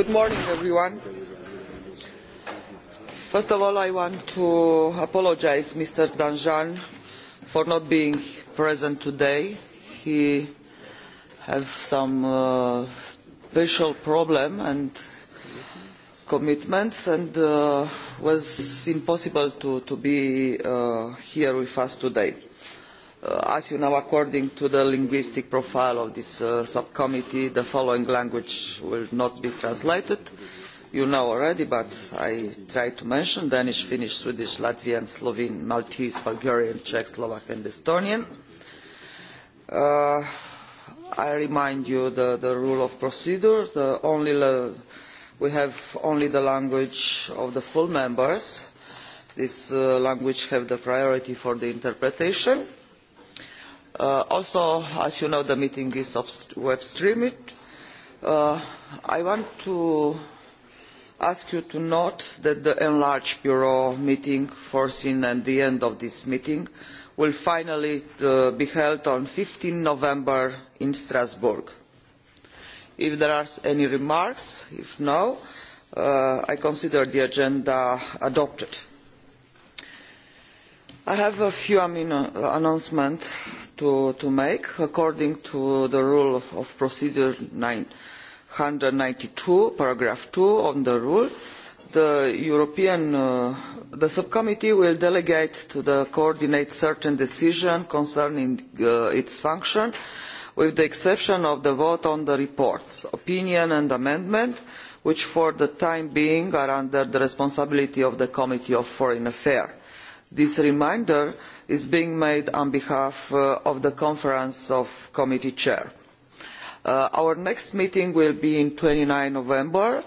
Good morning, everyone. First of all, I want to apologize Mr. Danjan for not being present today. He has some uh, special problem and commitments and uh, was impossible to, to be uh, here with us today. Uh, as you know, according to the linguistic profile of this uh, subcommittee, the following language will not be translated. You know already, but I try to mention Danish, Finnish, Swedish, Latvian, Slovene, Maltese, Bulgarian, Czech, Slovak and Estonian. Uh, I remind you the, the rule of procedure. The only we have only the language of the full members. This uh, language have the priority for the interpretation Uh, also, as you know, the meeting is web streamed. Uh, I want to ask you to note that the enlarged Bureau meeting foreseen at the end of this meeting will finally uh, be held on 15 November in Strasbourg. If there are any remarks, if no, uh, I consider the agenda adopted. I have a few uh, announcements to, make according to the rule of, of procedure 992, paragraph 2 on the rule. The European, uh, the subcommittee will delegate to the coordinate certain decision concerning uh, its function, with the exception of the vote on the reports, opinion and amendment, which for the time being are under the responsibility of the Committee on Foreign Affairs This reminder is being made on behalf uh, of the Conference of Committee Chair. Uh, our next meeting will be in 29 November.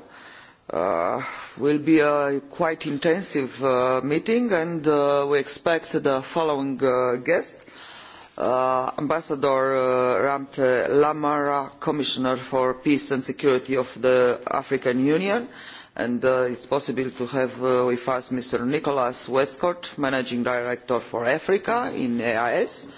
Uh, will be a quite intensive uh, meeting and uh, we expect the following uh, guests uh, ambassador uh, ramtje lamara commissioner for peace and security of the african union and and uh, it's possible to have uh, with us Mr. Nicholas Westcott, Managing Director for Africa in AIS.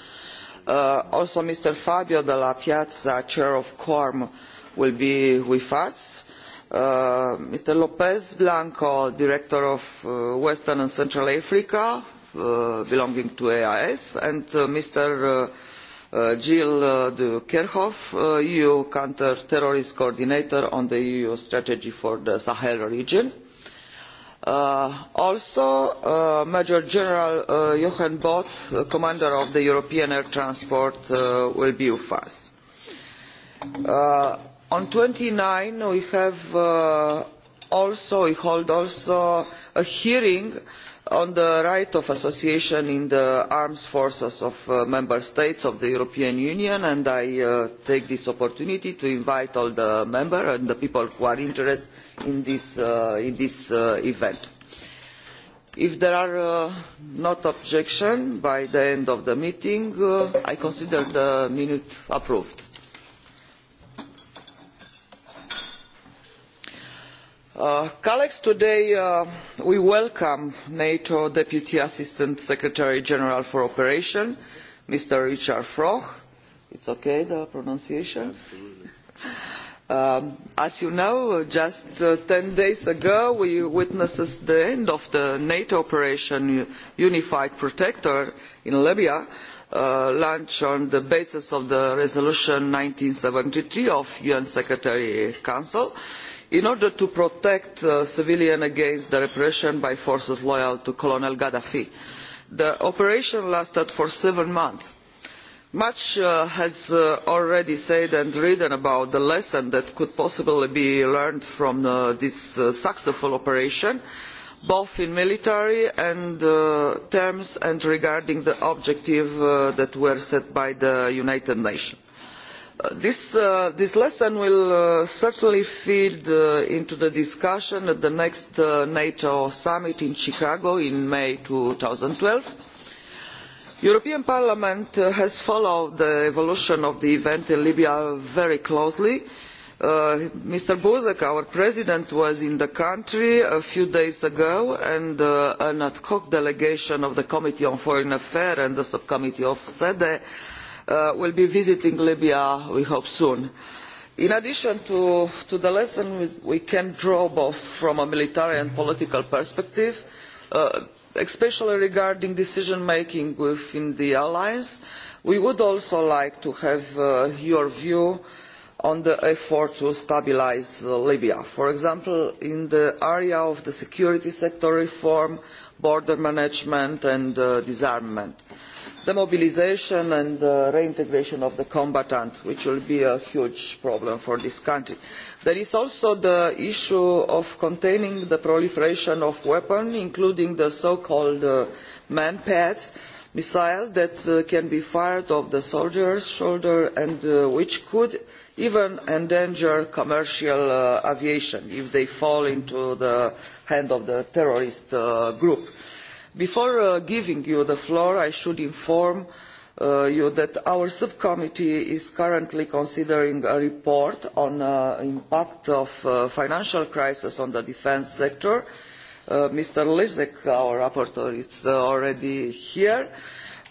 Uh, also, Mr. Fabio Della Piazza, Chair of CORM, will be with us. Uh, Mr. Lopez Blanco, Director of uh, Western and Central Africa, uh, belonging to AIS, and uh, Mr. Uh, gilles eh, Jill eh, de kerchove eh, EU counter-terrorist coordinator on the EU strategy for the Sahel region. also, Major General Jochen Both, commander of the European Air Transport, will be with us. on on 29, we have also, we hold also a hearing on the right of association in the armed forces of uh, member states of the european union and i uh, take this opportunity to invite all the members and the people who are interested in this, uh, event. if there are no objections by the end of the meeting i consider the minutes approved. Uh, colleagues today uh, we welcome nato deputy assistant secretary general for operations mr richard froch it's okay the pronunciation um, as you know just uh, 10 days ago we witnessed the end of the nato operation unified protector in libya uh, launched on the basis of the resolution 1973 of un secretary council uh, in order to protect uh, civilians against the repression by forces loyal to colonel gaddafi. the operation lasted for seven months. much uh, has uh, already said and written about the lesson that could possibly be learned from uh, this uh, successful operation both in military and, uh, terms and regarding the objectives that were set by the united nations Uh, this, lesson will uh, certainly feed uh, into the discussion at the next nato summit in chicago in may. two thousand and twelve the european parliament has followed the evolution of the event in libya very closely. mr buzek our president was in the country a few days ago and an ad hoc delegation of the committee on foreign affairs and the subcommittee of sede uh, will be visiting Libya, we hope soon. In addition to, to the lesson we can draw both from a military and political perspective, uh, especially regarding decision making within the alliance, we would also like to have uh, your view on the effort to stabilise uh, Libya. For example, in the area of the security sector reform, border management and uh, disarmament. Uh, the mobilisation and the uh, reintegration of the combatant, which will be a huge problem for this country. There is also the issue of containing the proliferation of weapons, including the so-called uh, man-pads, missiles that uh, can be fired off the soldier's shoulder and uh, which could even endanger commercial uh, aviation if they fall into the hand of the terrorist uh, group before uh, giving you the floor i should inform uh, you that our subcommittee is currently considering a report on the uh, impact of the financial crisis on the defence sector. mr lisek our rapporteur is already here.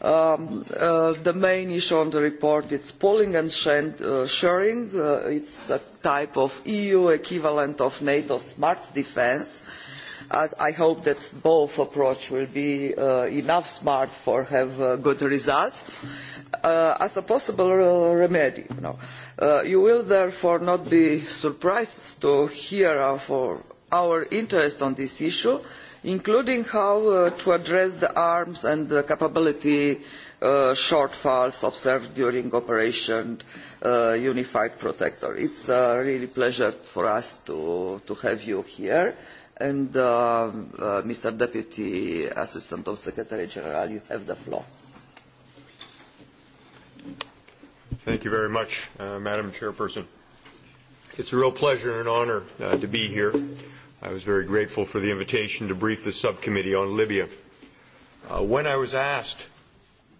Um, the main issue on the report is pooling and sharing. it is a type of eu equivalent of nato smart defence' as I hope that both approach will be uh, enough smart for have uh, good results uh, as a possible remedy. You, will therefore not be surprised to hear our, our interest on this issue, including how to address the arms and the capability shortfalls observed during Operation Unified Protector. It's a really pleasure for us to, to have you here And uh, uh, Mr. Deputy Assistant of Secretary General, you have the floor. Thank you very much, uh, Madam Chairperson. It's a real pleasure and honor uh, to be here. I was very grateful for the invitation to brief the subcommittee on Libya. Uh, when I was asked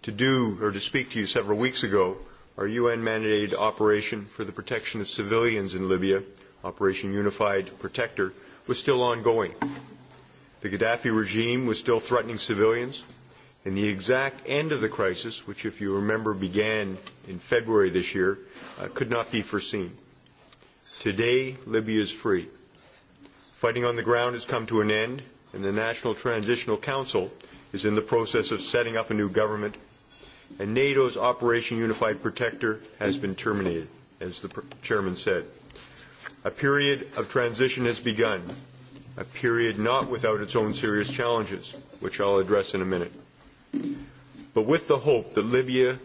to do or to speak to you several weeks ago, our UN mandated operation for the protection of civilians in Libya, Operation Unified Protector, was still ongoing. The Gaddafi regime was still threatening civilians, and the exact end of the crisis, which, if you remember, began in February this year, uh, could not be foreseen. Today, Libya is free. Fighting on the ground has come to an end, and the National Transitional Council is in the process of setting up a new government, and NATO's Operation Unified Protector has been terminated, as the chairman said. A period of transition has begun, a period not without its own serious challenges, which I'll address in a minute. But with the hope that Libya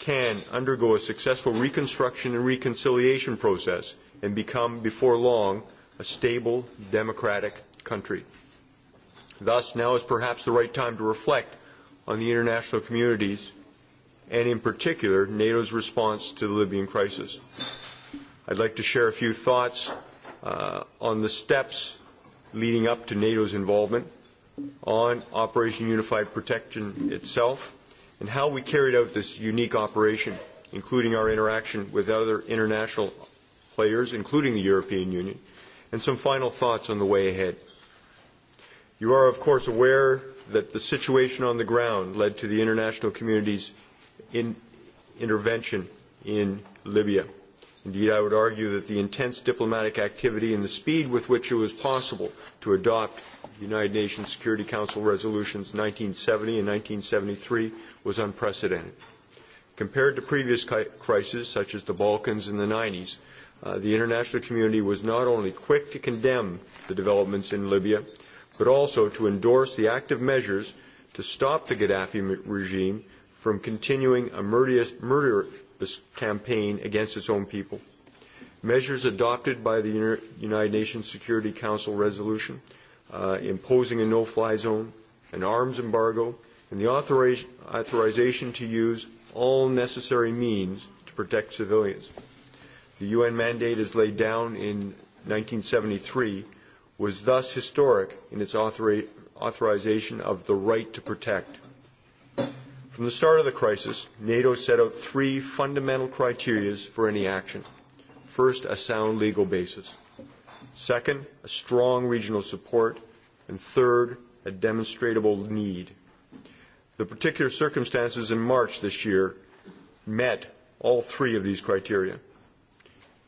can undergo a successful reconstruction and reconciliation process and become, before long, a stable, democratic country. Thus, now is perhaps the right time to reflect on the international communities and, in particular, NATO's response to the Libyan crisis. I'd like to share a few thoughts uh, on the steps leading up to NATO's involvement, on Operation Unified Protection itself, and how we carried out this unique operation, including our interaction with other international players, including the European Union, and some final thoughts on the way ahead. You are, of course, aware that the situation on the ground led to the international community's in intervention in Libya. Indeed, I would argue that the intense diplomatic activity and the speed with which it was possible to adopt United Nations Security Council resolutions 1970 and 1973 was unprecedented. Compared to previous crises, such as the Balkans in the 90s, uh, the international community was not only quick to condemn the developments in Libya, but also to endorse the active measures to stop the Gaddafi regime from continuing a murderous, murderous, This campaign against its own people. Measures adopted by the United Nations Security Council resolution uh, imposing a no-fly zone, an arms embargo, and the authorization to use all necessary means to protect civilians. The UN mandate as laid down in 1973 was thus historic in its authori authorization of the right to protect. From the start of the crisis, NATO set out three fundamental criteria for any action. First, a sound legal basis. Second, a strong regional support. And third, a demonstrable need. The particular circumstances in March this year met all three of these criteria.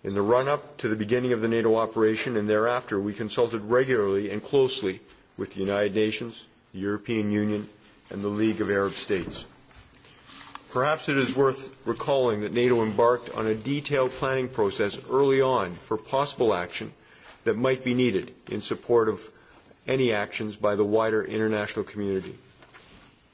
In the run up to the beginning of the NATO operation and thereafter, we consulted regularly and closely with the United Nations, the European Union, and the League of Arab States. Perhaps it is worth recalling that NATO embarked on a detailed planning process early on for possible action that might be needed in support of any actions by the wider international community.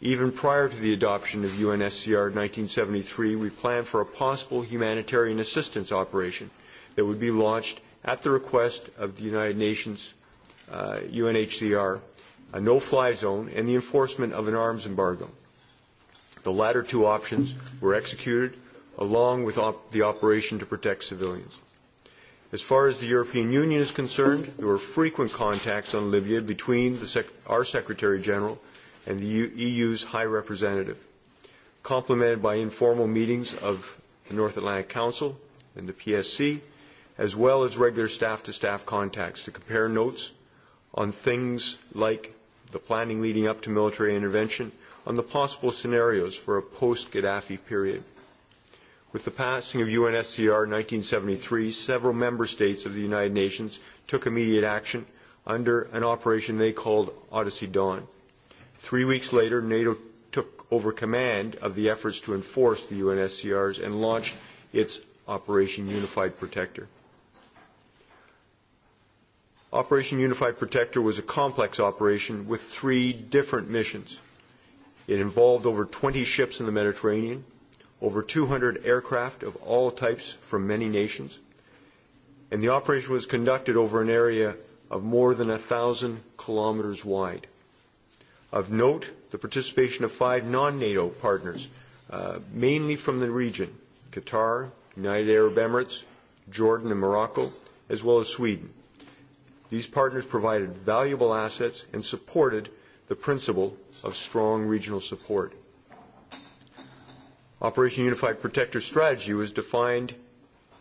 Even prior to the adoption of UNSCR 1973, we planned for a possible humanitarian assistance operation that would be launched at the request of the United Nations, uh, UNHCR, a no-fly zone, and the enforcement of an arms embargo. The latter two options were executed along with op the operation to protect civilians. As far as the European Union is concerned, there were frequent contacts on Libya between sec our Secretary General and the e U- EU's High Representative, complemented by informal meetings of the North Atlantic Council and the PSC, as well as regular staff-to-staff -staff contacts to compare notes on things like the planning leading up to military intervention on the possible scenarios for a post-Gaddafi period. With the passing of UNSCR in 1973, several member states of the United Nations took immediate action under an operation they called Odyssey Dawn. Three weeks later, NATO took over command of the efforts to enforce the UNSCRs and launched its Operation Unified Protector. Operation Unified Protector was a complex operation with three different missions – It involved over 20 ships in the Mediterranean, over 200 aircraft of all types from many nations, and the operation was conducted over an area of more than 1,000 kilometers wide. Of note, the participation of five non-NATO partners, uh, mainly from the region, Qatar, United Arab Emirates, Jordan and Morocco, as well as Sweden. These partners provided valuable assets and supported the principle of strong regional support. Operation Unified Protector strategy was defined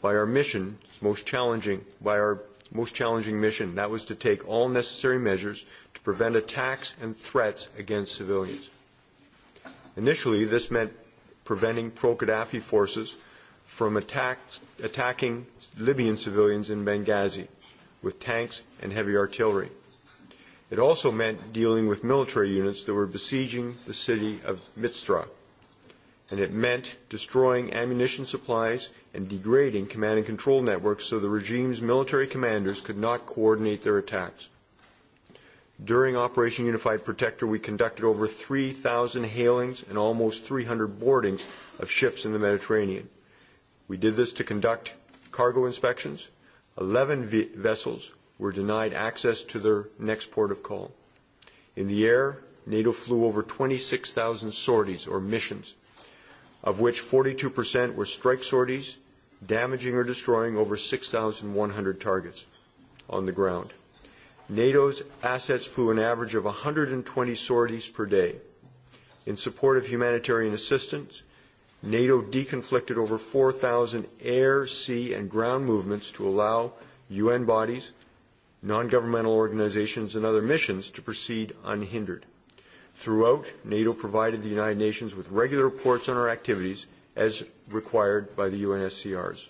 by our mission, most challenging, by our most challenging mission, that was to take all necessary measures to prevent attacks and threats against civilians. Initially, this meant preventing pro-Gaddafi forces from attack, attacking Libyan civilians in Benghazi with tanks and heavy artillery. It also meant dealing with military units that were besieging the city of Mitzra, and it meant destroying ammunition supplies and degrading command and control networks so the regime's military commanders could not coordinate their attacks. During Operation Unified Protector, we conducted over 3,000 hailings and almost 300 boardings of ships in the Mediterranean. We did this to conduct cargo inspections. 11 vessels were denied access to their next port of call. In the air, NATO flew over 26,000 sorties or missions, of which 42% were strike sorties, damaging or destroying over 6,100 targets on the ground. NATO's assets flew an average of 120 sorties per day. In support of humanitarian assistance, NATO deconflicted over 4,000 air, sea, and ground movements to allow UN bodies non-governmental organizations, and other missions to proceed unhindered. Throughout, NATO provided the United Nations with regular reports on our activities as required by the UNSCRs.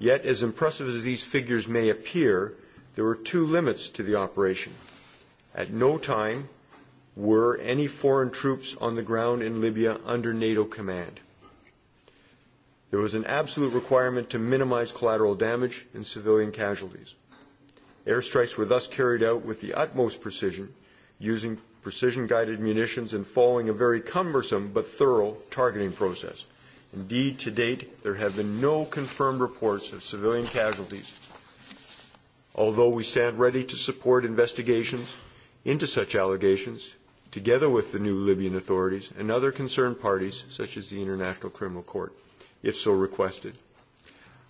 Yet, as impressive as these figures may appear, there were two limits to the operation. At no time were any foreign troops on the ground in Libya under NATO command. There was an absolute requirement to minimize collateral damage and civilian casualties. Airstrikes were thus carried out with the utmost precision, using precision-guided munitions and following a very cumbersome but thorough targeting process. Indeed, to date, there have been no confirmed reports of civilian casualties, although we stand ready to support investigations into such allegations, together with the new Libyan authorities and other concerned parties, such as the International Criminal Court, if so requested.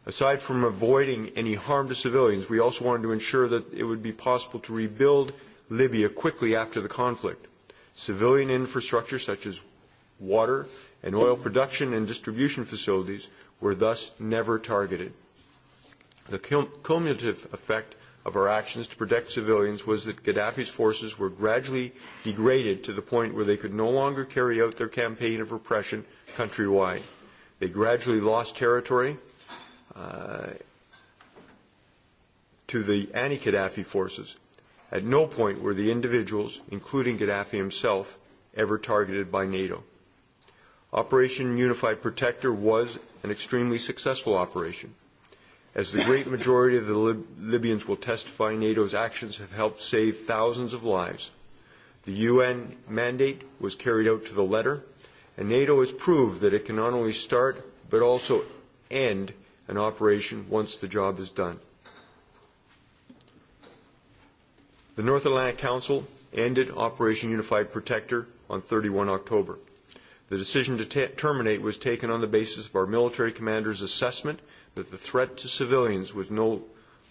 Aside from avoiding any harm to civilians, we also wanted to ensure that it would be possible to rebuild Libya quickly after the conflict. Civilian infrastructure such as water and oil production and distribution facilities were thus never targeted. The cumulative effect of our actions to protect civilians was that Gaddafi's forces were gradually degraded to the point where they could no longer carry out their campaign of repression countrywide. They gradually lost territory to the anti-Gaddafi forces. At no point were the individuals, including Gaddafi himself, ever targeted by NATO. Operation Unified Protector was an extremely successful operation. As the great majority of the Lib- Libyans will testify, NATO's actions have helped save thousands of lives. The UN mandate was carried out to the letter, and NATO has proved that it can not only start but also end an operation once the job is done. The North Atlantic Council ended Operation Unified Protector on 31 October. The decision to terminate was taken on the basis of our military commander's assessment that the threat to civilians was no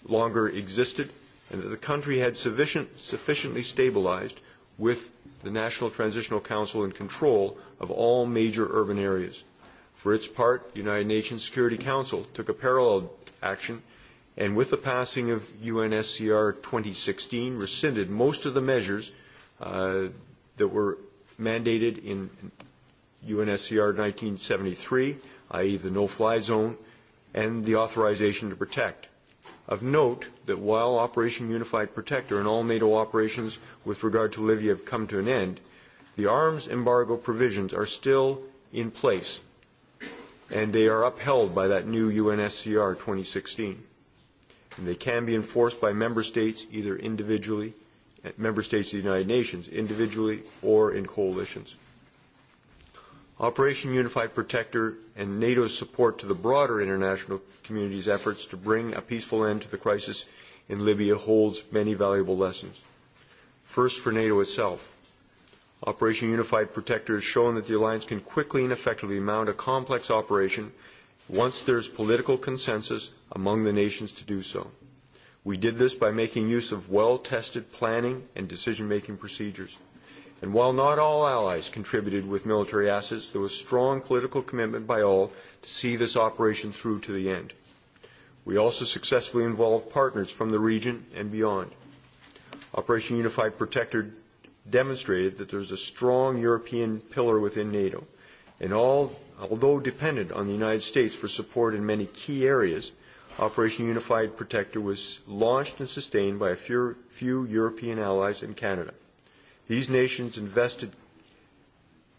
longer existed and that the country had sufficient, sufficiently stabilized with the National Transitional Council in control of all major urban areas. For its part, the United Nations Security Council took a parallel action and with the passing of UNSCR 2016 rescinded most of the measures uh, that were mandated in UNSCR 1973, i.e. the no-fly zone, and the authorization to protect. Of note that while Operation Unified Protector and all NATO operations with regard to Libya have come to an end, the arms embargo provisions are still in place and they are upheld by that new UNSCR 2016. And they can be enforced by member states either individually, eh, member states of the United Nations, individually or in coalitions. Operation Unified Protector and NATO's support to the broader international community's efforts to bring a peaceful end to the crisis in Libya holds many valuable lessons. First, for NATO itself, Operation Unified Protector has shown that the alliance can quickly and effectively mount a complex operation once there is political consensus among the nations to do so. We did this by making use of well-tested planning and decision-making procedures. And while not all allies contributed with military assets, there was strong political commitment by all to see this operation through to the end. We also successfully involved partners from the region and beyond. Operation Unified Protector demonstrated that there's a strong European pillar within NATO. And all, although dependent on the United States for support in many key areas, Operation Unified Protector was launched and sustained by a few, few European allies and Canada. These nations invested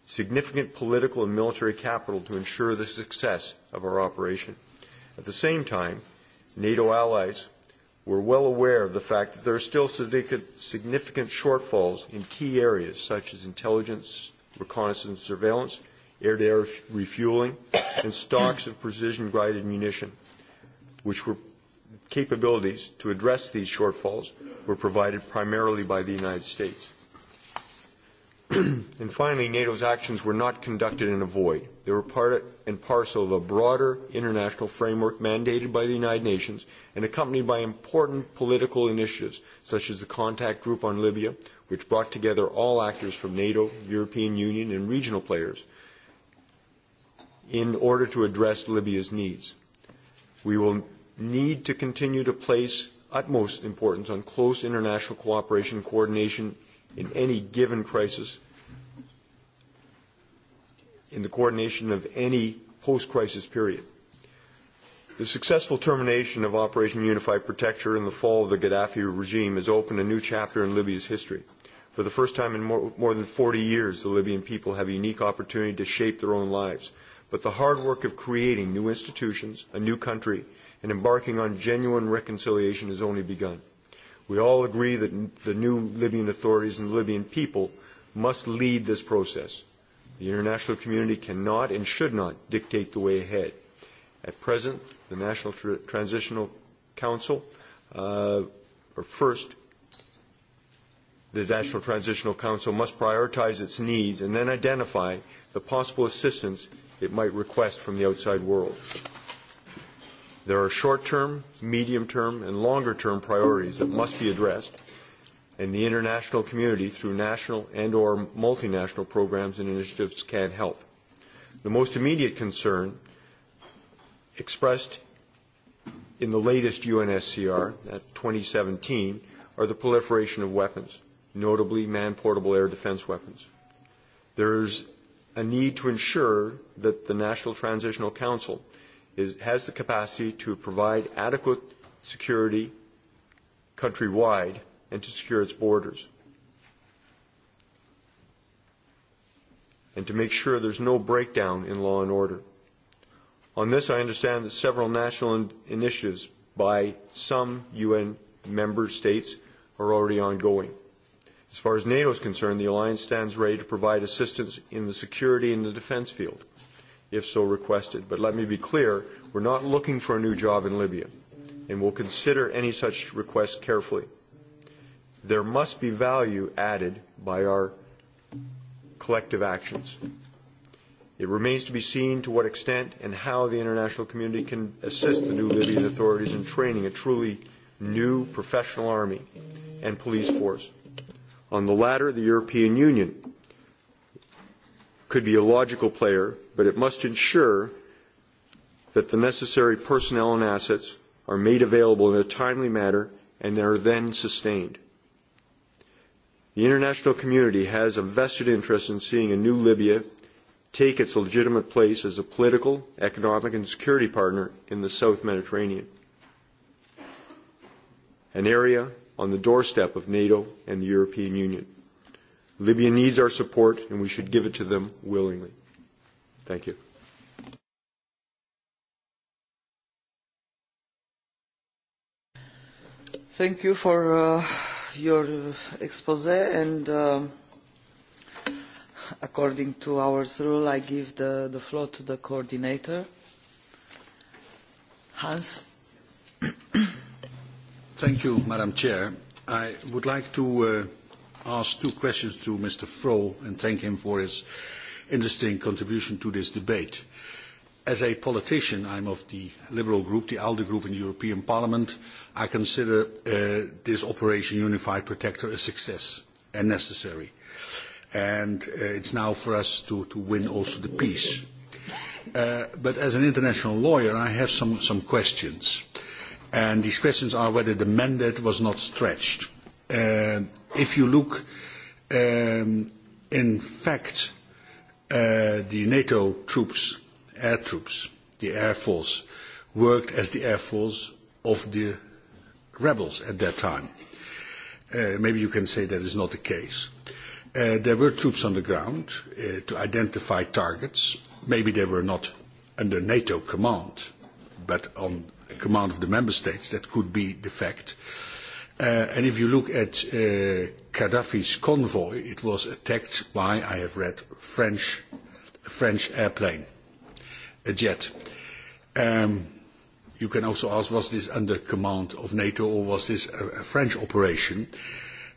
significant political and military capital to ensure the success of our operation. At the same time, NATO allies We're well aware of the fact that there are still significant shortfalls in key areas such as intelligence, reconnaissance, surveillance, air-to-air -air refueling, and stocks of precision-guided munition, which were capabilities to address these shortfalls were provided primarily by the United States. and finally, NATO's actions were not conducted in a void. They were part and parcel of a broader international framework mandated by the United Nations and accompanied by important political initiatives, such as the contact group on Libya, which brought together all actors from NATO, European Union, and regional players in order to address Libya's needs. We will need to continue to place utmost importance on close international cooperation and coordination in any given crisis in the coordination of any post-crisis period. The successful termination of Operation Unified Protector and the fall of the Gaddafi regime has opened a new chapter in Libya's history. For the first time in more, more than 40 years, the Libyan people have a unique opportunity to shape their own lives. But the hard work of creating new institutions, a new country, and embarking on genuine reconciliation has only begun. We all agree that the new Libyan authorities and the Libyan people must lead this process. The international community cannot and should not dictate the way ahead. At present, the National Tr Transitional Council, uh, or first, the National Transitional Council must prioritize its needs and then identify the possible assistance it might request from the outside world. There are short-term, medium-term, and longer-term priorities that must be addressed, and the international community through national and or multinational programs and initiatives can help. The most immediate concern expressed in the latest UNSCR, at 2017, are the proliferation of weapons, notably man-portable air defense weapons. There is a need to ensure that the National Transitional Council – is, has the capacity to provide adequate security countrywide and to secure its borders. And to make sure there's no breakdown in law and order. On this, I understand that several national in initiatives by some UN member states are already ongoing. As far as NATO is concerned, the alliance stands ready to provide assistance in the security and the defense field if so requested. But let me be clear, we're not looking for a new job in Libya, and we'll consider any such request carefully. There must be value added by our collective actions. It remains to be seen to what extent and how the international community can assist the new Libyan authorities in training a truly new professional army and police force. On the latter, the European Union could be a logical player, but it must ensure that the necessary personnel and assets are made available in a timely manner and they are then sustained. The international community has a vested interest in seeing a new Libya take its legitimate place as a political, economic, and security partner in the South Mediterranean, an area on the doorstep of NATO and the European Union. Libya needs our support, and we should give it to them willingly. Thank you. Thank you for uh, your expose and uh, according to our rule I give the, the floor to the coordinator. Hans. Thank you, Madam Chair. I would like to uh, ask two questions to Mr. Frohl and thank him for his interesting contribution to this debate. As a politician, I'm of the Liberal Group, the ALDE Group in the European Parliament. I consider uh, this Operation Unified Protector a success and necessary. And uh, it's now for us to, to win also the peace. Uh, but as an international lawyer, I have some, some questions. And these questions are whether the mandate was not stretched. Uh, if you look, um, in fact, uh, the NATO troops, air troops, the Air Force, worked as the Air Force of the rebels at that time. Uh, maybe you can say that is not the case. Uh, there were troops on the ground uh, to identify targets. Maybe they were not under NATO command, but on command of the member states. That could be the fact. Uh, Uh, and if you look at uh, Gaddafi's convoy, it was attacked by, I have read, French, a French airplane, a jet. Um, you can also ask, was this under command of NATO or was this a, a French operation?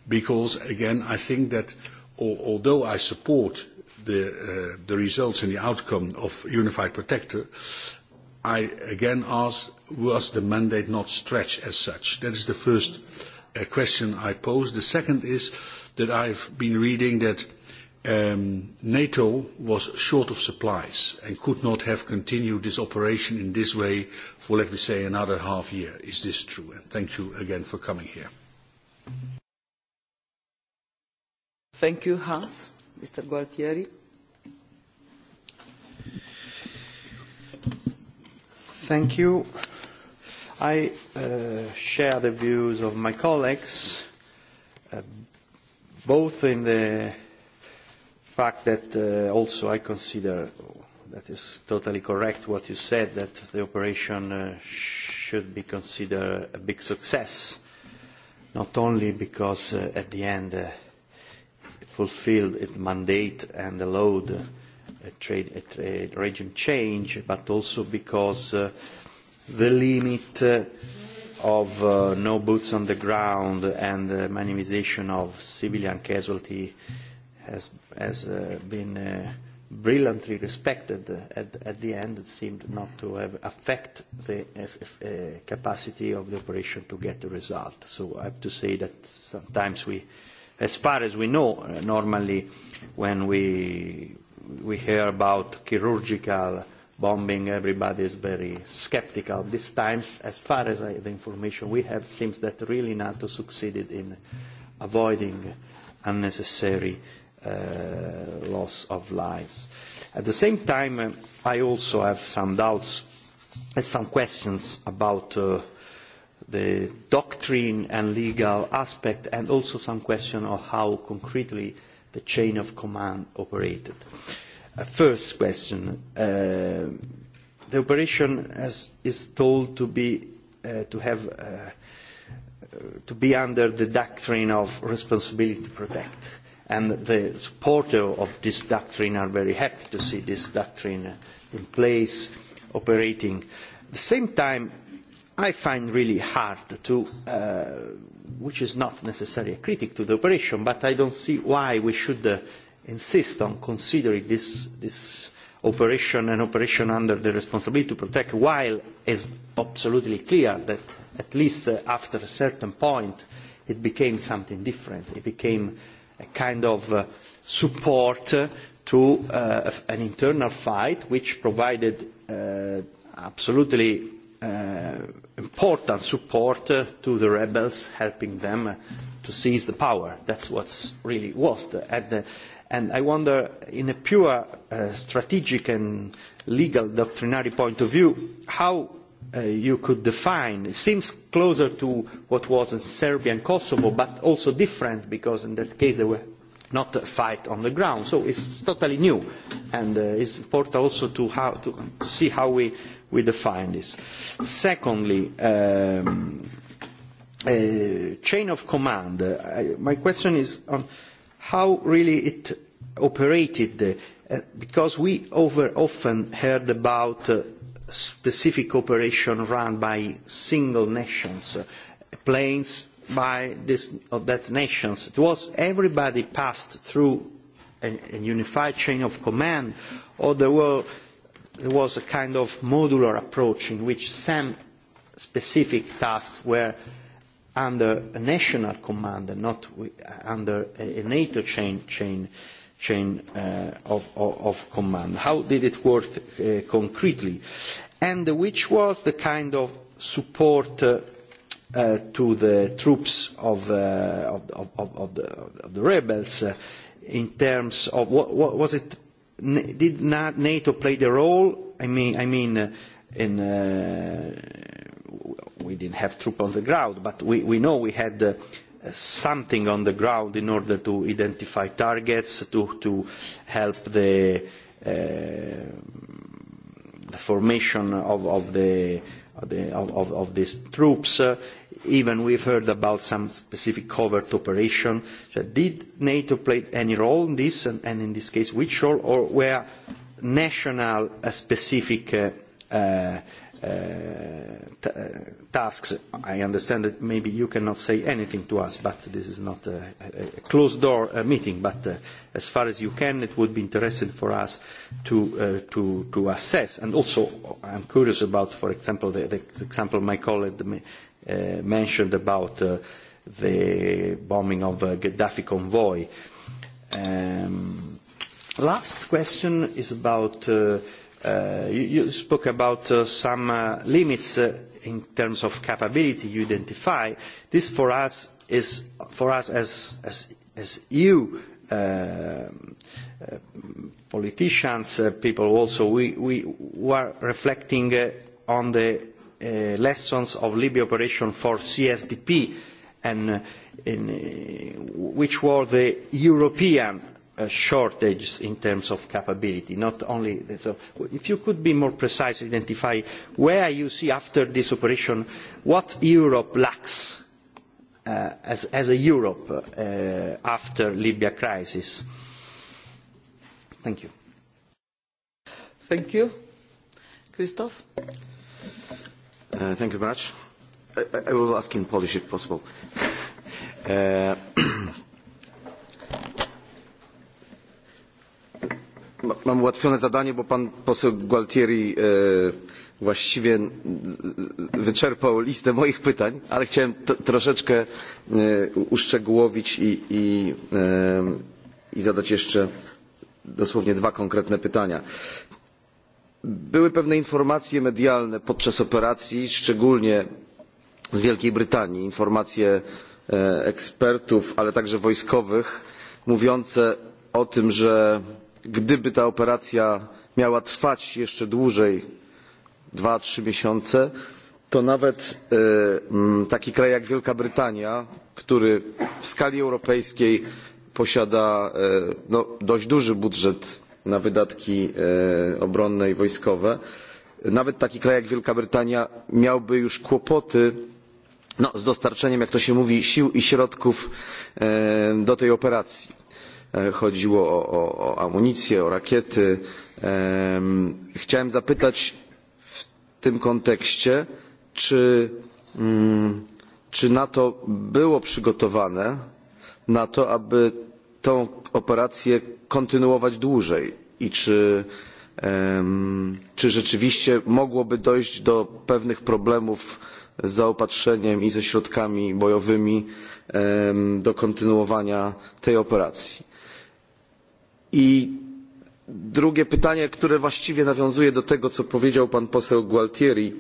Because, again, I think that al although I support the, uh, the results and the outcome of Unified Protector, i again ask, was the mandate not stretched as such? That is the first uh, question I pose. The second is that I've been reading that um, NATO was short of supplies and could not have continued this operation in this way for, let me say, another half year. Is this true? And thank you again for coming here. Thank you, Hans. Mr. Gualtieri. Thank you. I uh, share the views of my colleagues, uh, both in the fact that uh, also I consider that is totally correct what you said, that the operation uh, should be considered a big success, not only because uh, at the end uh, it fulfilled its mandate and allowed a trade, region change, but also because uh, the limit uh, of uh, no boots on the ground and the minimization of civilian casualty has, has been brilliantly respected at, at the end. It seemed not to have affect the capacity of the operation to get the result. So I have to say that sometimes we, as far as we know, normally when we we hear about chirurgical bombing, everybody is very skeptical. This time, as far as I, the information we have, seems that really NATO succeeded in avoiding unnecessary uh, loss of lives. At the same time, uh, I also have some doubts and some questions about uh, the doctrine and legal aspect, and also some question of how concretely uh, the chain of command operated. A first question. Uh, the operation has, is told to be, uh, to have, uh, uh, to be under the doctrine of responsibility to protect. And the supporter of this doctrine are very happy to see this doctrine in place, operating. At the same time, I find really hard to uh, which is not necessarily a critic to the operation, but I don't see why we should uh, insist on considering this, this operation an operation under the responsibility to protect, while it is absolutely clear that at least uh, after a certain point it became something different. It became a kind of uh, support uh, to uh, an internal fight which provided uh, absolutely Uh, important support uh, to the rebels, helping them uh, to seize the power. That's what's really was. and I wonder, in a pure strategic and legal doctrinary point of view, how Uh, you could define. It seems closer to what was in Serbia and Kosovo, but also different because in that case there were not a fight on the ground. So it's totally new, and uh, it's important also to, how, to, to see how we, with the findings. Secondly, um, uh, chain of command. Uh, my question is on how really it operated, uh, because we over often heard about uh, specific operation run by single nations, uh, planes by this of that nations. It was everybody passed through a, a unified chain of command, or there were there was a kind of modular approach in which some specific tasks were under a national command and not under a NATO chain, chain, chain uh, of, of, of command. How did it work uh, concretely? And which was the kind of support uh, uh, to the troops of, uh, of, of, of, the, of the rebels uh, in terms of what, what was it did not NATO play the role? I mean, I mean, uh, in uh, we didn't have troops on the ground, but we, we know we had uh, something on the ground in order to identify targets, to to help the uh, the formation of of the. Of, the, of, of these troops, uh, even we've heard about some specific covert operation. So did NATO play any role in this, and, and in this case which role, or were national uh, specific uh, uh, uh, uh, tasks? I understand that maybe you cannot say anything to us, but this is not a, a closed-door uh, meeting, but as far as you can, it would be interesting for us to, to, to assess. And also, I'm curious about, for example, the, the example my colleague Uh, mentioned about uh, the bombing of a uh, Gaddafi convoy. Um, last question is about, uh, uh, you, you spoke about uh, some uh, limits uh, in terms of capability you identify. This for us is, for us as, as, as EU uh, uh, politicians, uh, people also, we, we were reflecting uh, on the Uh, lessons of Libya operation for CSDP, and uh, in, uh, which were the European shortages in terms of capability, not only So if you could be more precise, identify where you see after this operation what Europe lacks uh, as, as a Europe uh, after Libya crisis. Thank you. Thank you. Christophe? Uh, thank you very much. I, I will ask in Polish if possible. E, mam ułatwione zadanie, bo pan poseł Gualtieri e, właściwie wyczerpał listę moich pytań, ale chciałem troszeczkę e, uszczegółowić i, i, e, i zadać jeszcze dosłownie dwa konkretne pytania były pewne informacje medialne podczas operacji szczególnie z wielkiej brytanii informacje e, ekspertów ale także wojskowych mówiące o tym że gdyby ta operacja miała trwać jeszcze dłużej dwa trzy miesiące to nawet e, taki kraj jak wielka brytania który w skali europejskiej posiada e, no, dość duży budżet na wydatki e, obronne i wojskowe. Nawet taki kraj jak Wielka Brytania miałby już kłopoty no, z dostarczeniem, jak to się mówi, sił i środków e, do tej operacji. E, chodziło o, o, o amunicję, o rakiety. Chciałem zapytać w tym kontekście, czy, mm, czy NATO było przygotowane na to, aby tę operację kontynuować dłużej i czy, czy rzeczywiście mogłoby dojść do pewnych problemów z zaopatrzeniem i ze środkami bojowymi do kontynuowania tej operacji. I drugie pytanie, które właściwie nawiązuje do tego, co powiedział pan poseł Gualtieri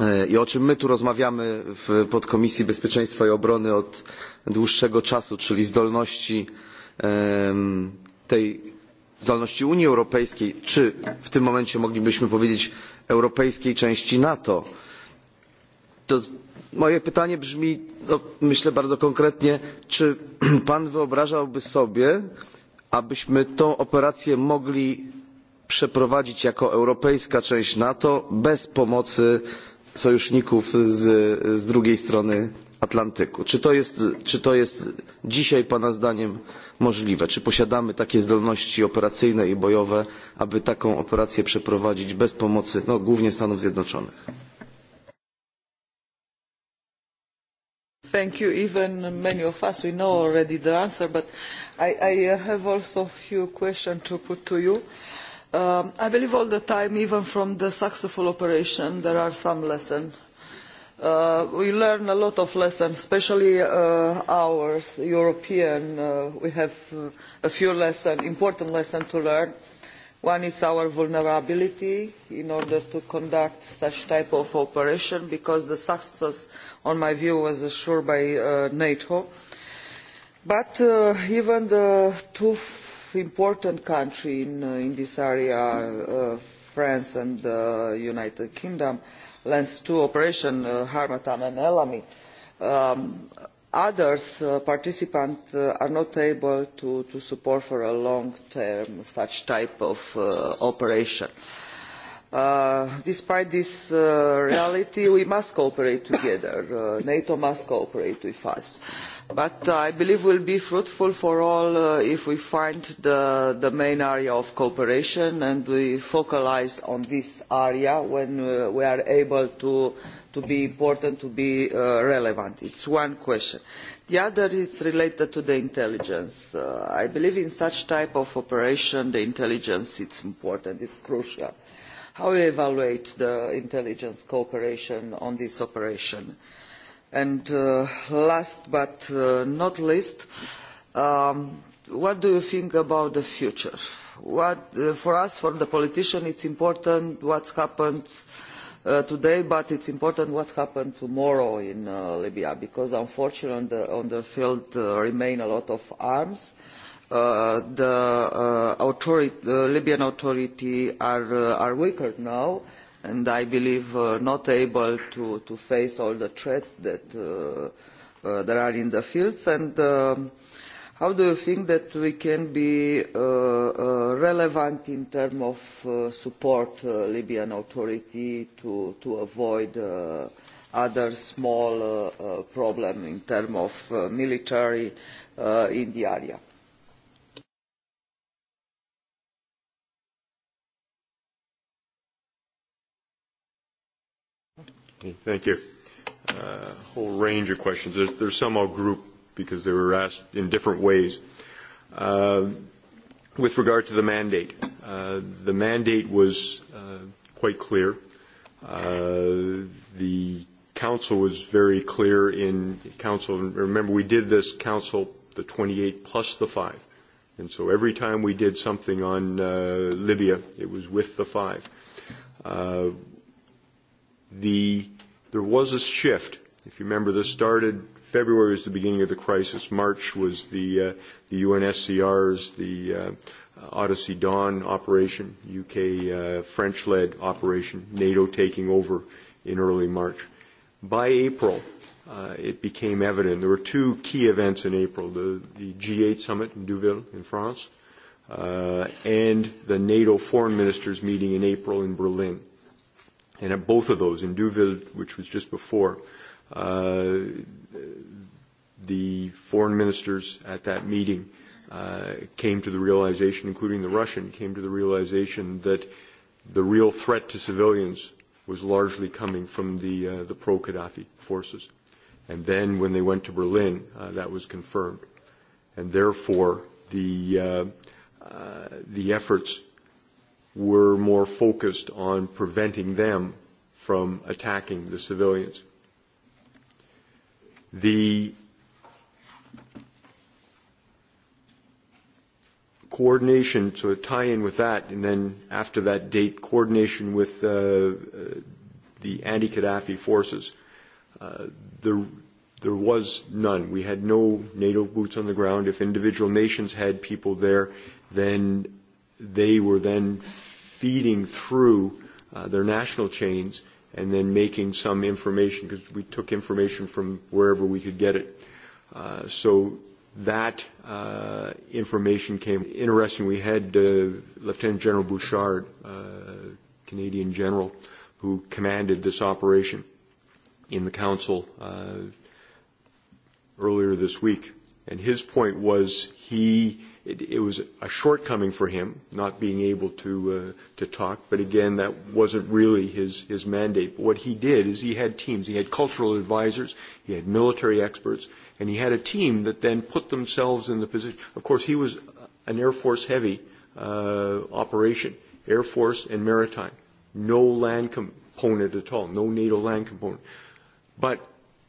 E, i o czym my tu rozmawiamy w podkomisji bezpieczeństwa i obrony od dłuższego czasu, czyli zdolności tej zdolności Unii Europejskiej, czy w tym momencie moglibyśmy powiedzieć europejskiej części NATO, to moje pytanie brzmi, no, myślę bardzo konkretnie, czy pan wyobrażałby sobie, abyśmy tę operację mogli przeprowadzić jako europejska część NATO bez pomocy sojuszników z, z drugiej strony Atlantyku. Czy to, jest, czy to jest dzisiaj Pana zdaniem możliwe? Czy posiadamy takie zdolności operacyjne i bojowe, aby taką operację przeprowadzić bez pomocy no, głównie Stanów Zjednoczonych? Thank you. Even many of us, we know already the answer, but I, I have also a few questions to put to you. Uh, Um, I believe all the time, even from the successful operation, there are some lessons. Uh, we learn a lot of lessons, especially uh, ours, European. Uh, we have uh, a few lessons, important lessons to learn. One is our vulnerability in order to conduct such type of operation, because the success, on my view, was assured by uh, NATO. But even the two important countries in, uh, in this area, uh, France and the United Kingdom, launched two operations, uh, Harmattan and Elami. Um, others uh, participants uh, are not able to, to support for a long term such type of uh, operation. Uh, Uh, despite this uh, reality we must cooperate together uh, nato must cooperate with us but i believe it will be fruitful for all uh, if we find the, the main area of cooperation and we focalize on this area when uh, we are able to, to be important to be relevant. It's is one question. the other is related to the intelligence. i believe in such type of operation the intelligence is important it is crucial how you evaluate the intelligence cooperation on this operation. And uh, last but uh, not least, um, what do you think about the future? What, uh, for us, for the politician, it's important what's happened uh, today, but it's important what happened tomorrow in uh, Libya, because unfortunately on the, on the field uh, remain a lot of arms. Uh, Uh, the uh, authority, uh, Libyan authority are, uh, are weaker now and I believe uh, not able to, to face all the threats that uh, uh, there are in the fields. And um, how do you think that we can be uh, uh, relevant in terms of uh, support uh, Libyan authority to, to avoid uh, other small uh, uh, in terms of uh, military uh, in the area? Thank you. Uh, a uh, whole range of questions. there's some I'll group because they were asked in different ways. Uh, with regard to the mandate, uh, the mandate was uh, quite clear. Uh, the council was very clear in council. remember, we did this council the 28 plus the five, and so every time we did something on uh, Libya, it was with the five. Uh, the there was a shift. If you remember, this started February was the beginning of the crisis. March was the uh, the UNSCR's the uh, Odyssey Dawn operation, UK uh, French-led operation, NATO taking over in early March. By April, uh, it became evident there were two key events in April: the, the G8 summit in Deauville in France, uh, and the NATO foreign ministers meeting in April in Berlin and at both of those, in Deauville, which was just before, uh, the foreign ministers at that meeting uh, came to the realization, including the Russian, came to the realization that the real threat to civilians was largely coming from the, uh, the pro-Qaddafi forces. And then when they went to Berlin, uh, that was confirmed. And therefore, the, uh, uh, the efforts were more focused on preventing them from attacking the civilians. The coordination, so a tie in with that, and then after that date, coordination with uh, the anti-Qaddafi forces. Uh, there, there was none. We had no NATO boots on the ground. If individual nations had people there, then they were then feeding through uh, their national chains and then making some information because we took information from wherever we could get it. Uh, so that uh, information came interesting. We had uh, Lieutenant General Bouchard, uh, Canadian general, who commanded this operation in the council uh, earlier this week, and his point was he It, it was a shortcoming for him not being able to uh, to talk, but again, that wasn't really his his mandate. But what he did is he had teams. He had cultural advisors, he had military experts, and he had a team that then put themselves in the position. Of course, he was an Air Force heavy uh, operation, Air Force and maritime, no land component at all, no NATO land component. But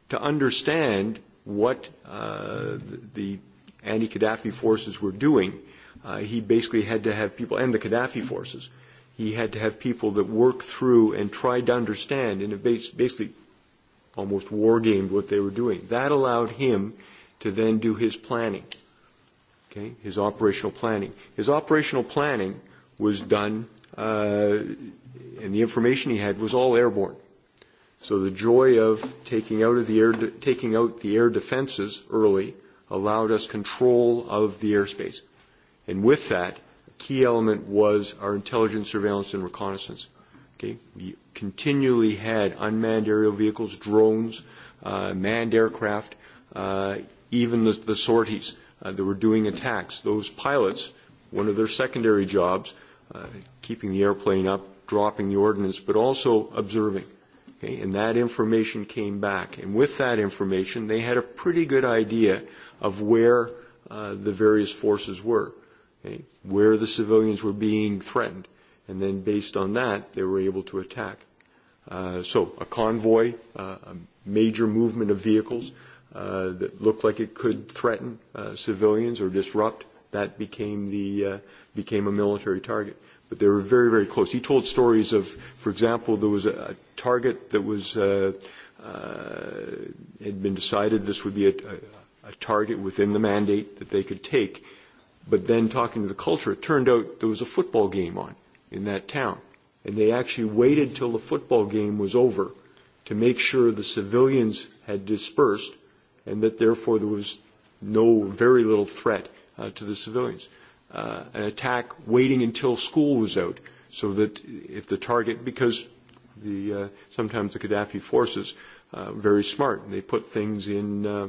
to understand what uh, the anti Qaddafi forces were doing, uh, he basically had to have people, and the Qaddafi forces, he had to have people that worked through and tried to understand and base, basically almost war gamed what they were doing. That allowed him to then do his planning, okay, his operational planning. His operational planning was done, uh, and the information he had was all airborne. So the joy of taking out of the air, de- taking out the air defenses early, allowed us control of the airspace. And with that, a key element was our intelligence, surveillance, and reconnaissance. Okay? We continually had unmanned aerial vehicles, drones, uh, manned aircraft, uh, even the, the sorties uh, that were doing attacks. Those pilots, one of their secondary jobs, uh, keeping the airplane up, dropping the ordnance, but also observing. Okay, and that information came back. And with that information, they had a pretty good idea of where uh, the various forces were, okay, where the civilians were being threatened. And then based on that, they were able to attack. Uh, so a convoy, uh, a major movement of vehicles uh, that looked like it could threaten uh, civilians or disrupt, that became, the, uh, became a military target but they were very, very close. He told stories of, for example, there was a, a target that was uh, uh, had been decided this would be a, a, a target within the mandate that they could take, but then talking to the culture, it turned out there was a football game on in that town, and they actually waited till the football game was over to make sure the civilians had dispersed, and that therefore there was no very little threat uh, to the civilians uh, an attack waiting until school was out, so that if the target, because the uh, sometimes the Gaddafi forces uh, very smart, and they put things in uh,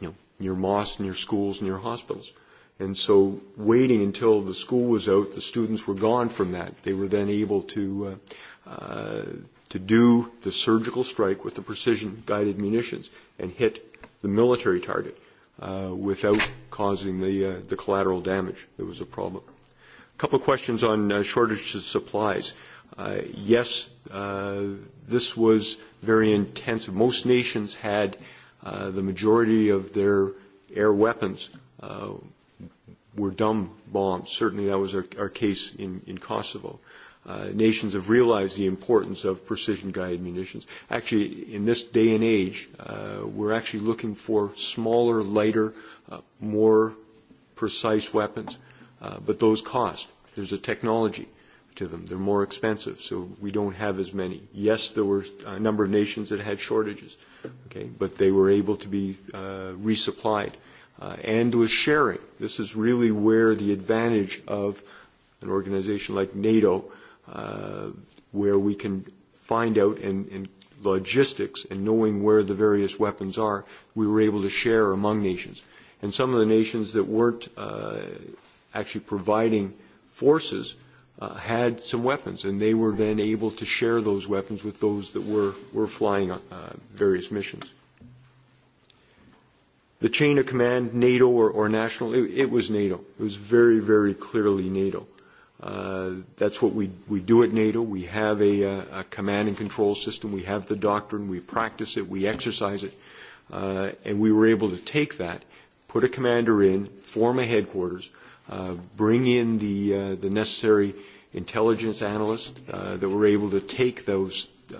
you know your mosques and your schools and your hospitals. And so, waiting until the school was out, the students were gone from that. They were then able to uh, uh, to do the surgical strike with the precision guided munitions and hit the military target uh, without causing the, uh, the collateral damage that was a problem. A couple of questions on uh, shortages of supplies. Uh, yes, uh, this was very intensive. Most nations had uh, the majority of their air weapons uh, were dumb bombs. Certainly that was our, our case in, in Kosovo. Uh, Uh, nations have realized the importance of precision-guided munitions. Actually, in this day and age, uh, we're actually looking for smaller, lighter, uh, more precise weapons, uh, but those cost. There's a technology to them. They're more expensive, so we don't have as many. Yes, there were a number of nations that had shortages, okay, but they were able to be uh, resupplied. Uh, and with sharing, this is really where the advantage of an organization like NATO Uh, where we can find out in, logistics and knowing where the various weapons are, we were able to share among nations. And some of the nations that weren't uh, actually providing forces uh, had some weapons, and they were then able to share those weapons with those that were, were flying uh, various missions. The chain of command, NATO or, or national, it, it was NATO. It was very, very clearly NATO. Uh, that's what we, we do at NATO. We have a, uh, a command and control system. We have the doctrine. We practice it. We exercise it. Uh, and we were able to take that, put a commander in, form a headquarters, uh, bring in the, uh, the necessary intelligence analysts uh, that were able to take those, uh,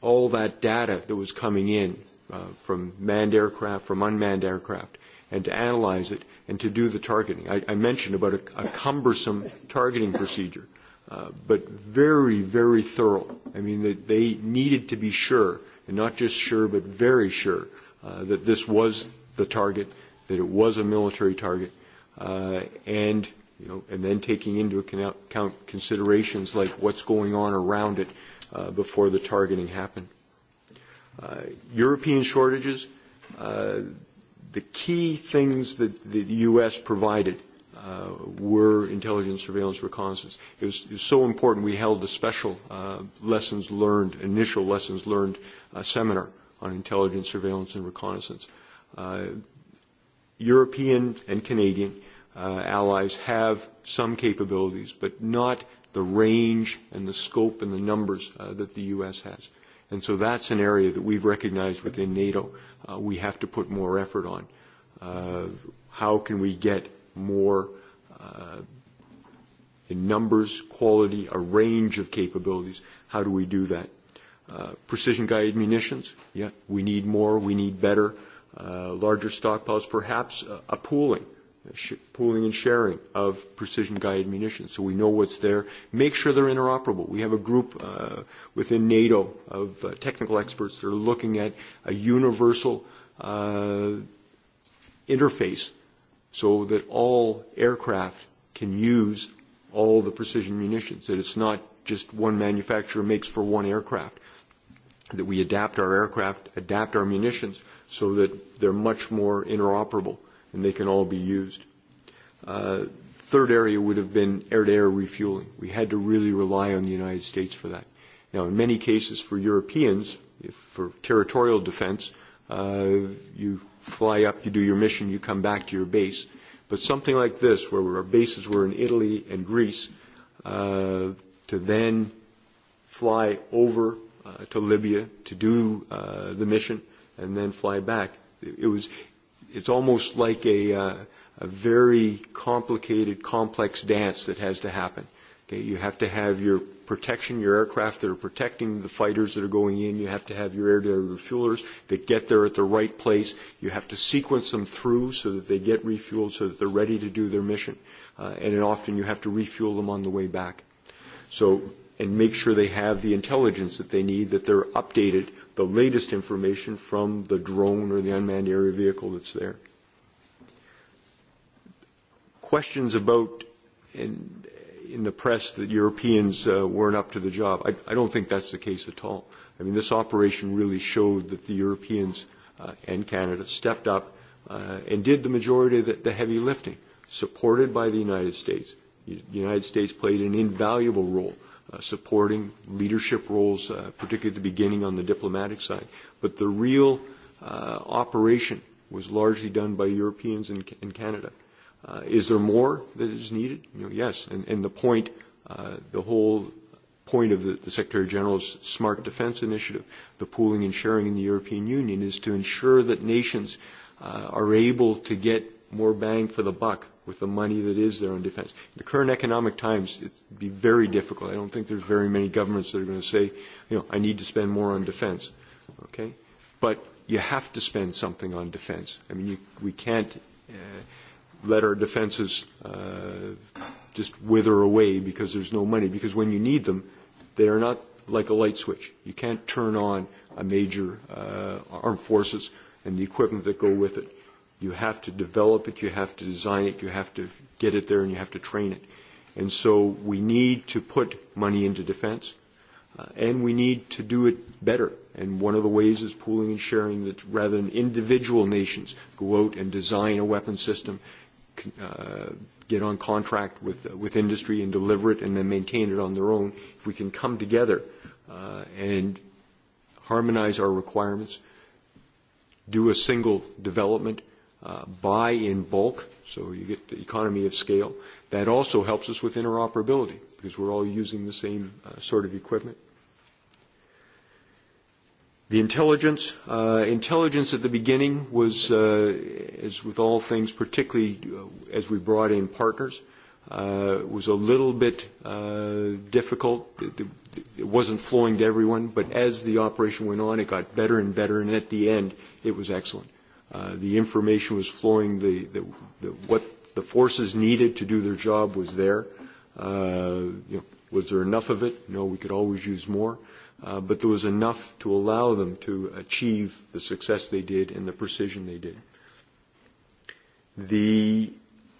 all that data that was coming in uh, from manned aircraft, from unmanned aircraft, and to analyze it and to do the targeting. I, I mentioned about a, a cumbersome targeting procedure, uh, but very, very thorough. I mean, they, they needed to be sure, and not just sure, but very sure, uh, that this was the target, that it was a military target, uh, and you know, and then taking into account considerations like what's going on around it uh, before the targeting happened. Uh, European shortages. Uh, the key things that the U.S. provided uh, were intelligence, surveillance, reconnaissance. It was, it was so important we held a special uh, lessons learned, initial lessons learned uh, seminar on intelligence, surveillance, and reconnaissance. Uh, European and Canadian uh, allies have some capabilities, but not the range and the scope and the numbers uh, that the U.S. has. And so that's an area that we've recognized within NATO uh, we have to put more effort on. Uh, how can we get more uh, in numbers, quality, a range of capabilities? How do we do that? Uh, precision guided munitions, yeah, we need more, we need better, uh, larger stockpiles, perhaps uh, a pooling sh- pooling and sharing of precision guided munitions so we know what's there. Make sure they're interoperable. We have a group uh, within NATO of uh, technical experts that are looking at a universal uh, interface so that all aircraft can use all the precision munitions, that it's not just one manufacturer makes for one aircraft, that we adapt our aircraft, adapt our munitions so that they're much more interoperable and they can all be used. Uh, third area would have been air-to-air -air refueling. We had to really rely on the United States for that. Now, in many cases for Europeans, if for territorial defense, uh, you fly up, you do your mission, you come back to your base. But something like this, where our bases were in Italy and Greece, uh, to then fly over uh, to Libya to do uh, the mission and then fly back, it was it's almost like a, uh, a very complicated, complex dance that has to happen. Okay, you have to have your protection, your aircraft that are protecting the fighters that are going in. You have to have your air-to-air refuelers that get there at the right place. You have to sequence them through so that they get refueled, so that they're ready to do their mission. Uh, and often you have to refuel them on the way back. So, and make sure they have the intelligence that they need, that they're updated the latest information from the drone or the unmanned area vehicle that's there. Questions about in, in the press that Europeans uh, weren't up to the job. I, I don't think that's the case at all. I mean, this operation really showed that the Europeans uh, and Canada stepped up uh, and did the majority of the, the heavy lifting, supported by the United States. The United States played an invaluable role Uh, supporting leadership roles, uh, particularly at the beginning on the diplomatic side. But the real uh, operation was largely done by Europeans in, in Canada. Uh, is there more that is needed? You know, yes. And, and the point, uh, the whole point of the, the Secretary General's Smart Defense Initiative, the pooling and sharing in the European Union, is to ensure that nations uh, are able to get more bang for the buck with the money that is there on defense. In the current economic times, it'd be very difficult. I don't think there's very many governments that are going to say, you know, I need to spend more on defense. Okay? But you have to spend something on defense. I mean, you, we can't uh, let our defenses uh, just wither away because there's no money. Because when you need them, they are not like a light switch. You can't turn on a major uh, armed forces and the equipment that go with it You have to develop it, you have to design it, you have to get it there, and you have to train it. And so we need to put money into defense, uh, and we need to do it better. And one of the ways is pooling and sharing that rather than individual nations go out and design a weapon system, uh, get on contract with, uh, with industry and deliver it and then maintain it on their own, if we can come together uh, and harmonize our requirements, do a single development, Uh, buy in bulk, so you get the economy of scale. That also helps us with interoperability because we're all using the same uh, sort of equipment. The intelligence, uh, intelligence at the beginning was, uh, as with all things, particularly uh, as we brought in partners, uh, was a little bit uh, difficult. It, it wasn't flowing to everyone, but as the operation went on, it got better and better, and at the end, it was excellent. Uh, the information was flowing. The, the, the, what the forces needed to do their job was there. Uh, you know, was there enough of it? No, we could always use more. Uh, but there was enough to allow them to achieve the success they did and the precision they did. The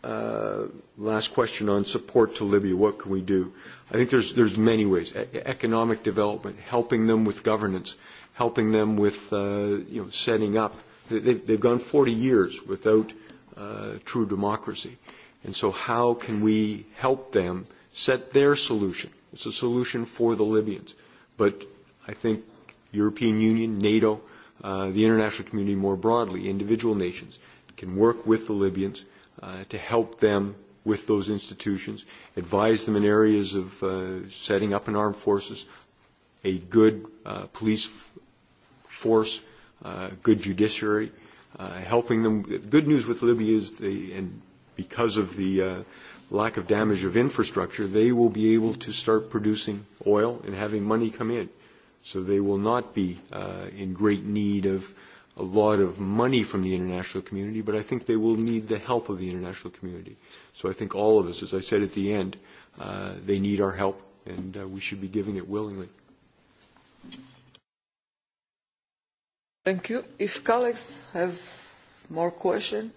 uh, last question on support to Libya, what can we do? I think there's, there's many ways. E-, e economic development, helping them with governance, helping them with uh, you know, setting up They've, they've gone 40 years without uh, true democracy. And so how can we help them set their solution? It's a solution for the Libyans. But I think European Union, NATO, uh, the international community more broadly, individual nations, can work with the Libyans uh, to help them with those institutions, advise them in areas of uh, setting up an armed forces, a good uh, police force Uh, good judiciary, uh, helping them. Good news with Libya is the, and because of the uh, lack of damage of infrastructure, they will be able to start producing oil and having money come in. So they will not be uh, in great need of a lot of money from the international community, but I think they will need the help of the international community. So I think all of us, as I said at the end, uh, they need our help, and uh, we should be giving it willingly. Thank you. If colleagues have more questions,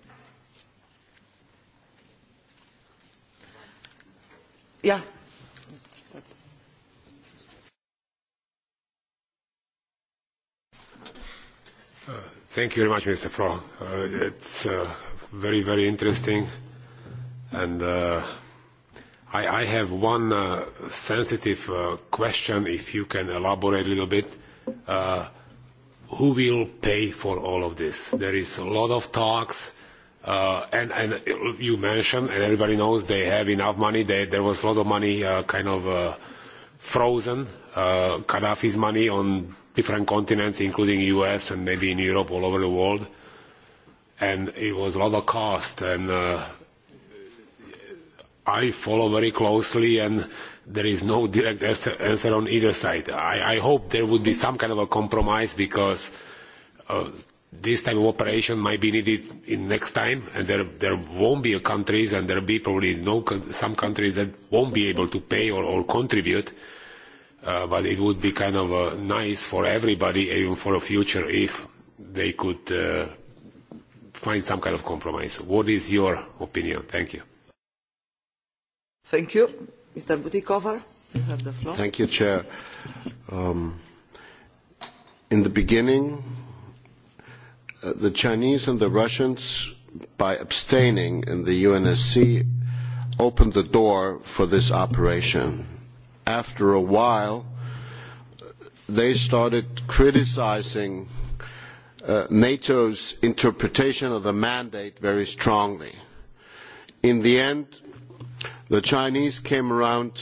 yeah. Uh, thank you very much, Mr. Fro. Uh, it's uh, very, very interesting, and uh, I, I have one uh, sensitive uh, question. If you can elaborate a little bit. Uh, who will pay for all of this? There is a lot of talks, uh, and, and you mentioned, and everybody knows they have enough money. They, there was a lot of money uh, kind of uh, frozen, uh, Gaddafi's money on different continents, including US and maybe in Europe, all over the world. And it was a lot of cost. And uh, I follow very closely, and there is no direct answer on either side. I, I hope there would be some kind of a compromise because uh, this type of operation might be needed in next time, and there there won't be countries, and will be probably no some countries that won't be able to pay or, or contribute. Uh, but it would be kind of uh, nice for everybody, even for the future, if they could uh, find some kind of compromise. What is your opinion? Thank you. Thank you. Mr. Butikofer, you have the floor. Thank you, Chair. Um, in the beginning, uh, the Chinese and the Russians, by abstaining in the UNSC, opened the door for this operation. After a while, they started criticizing uh, NATO's interpretation of the mandate very strongly. In the end, The Chinese came around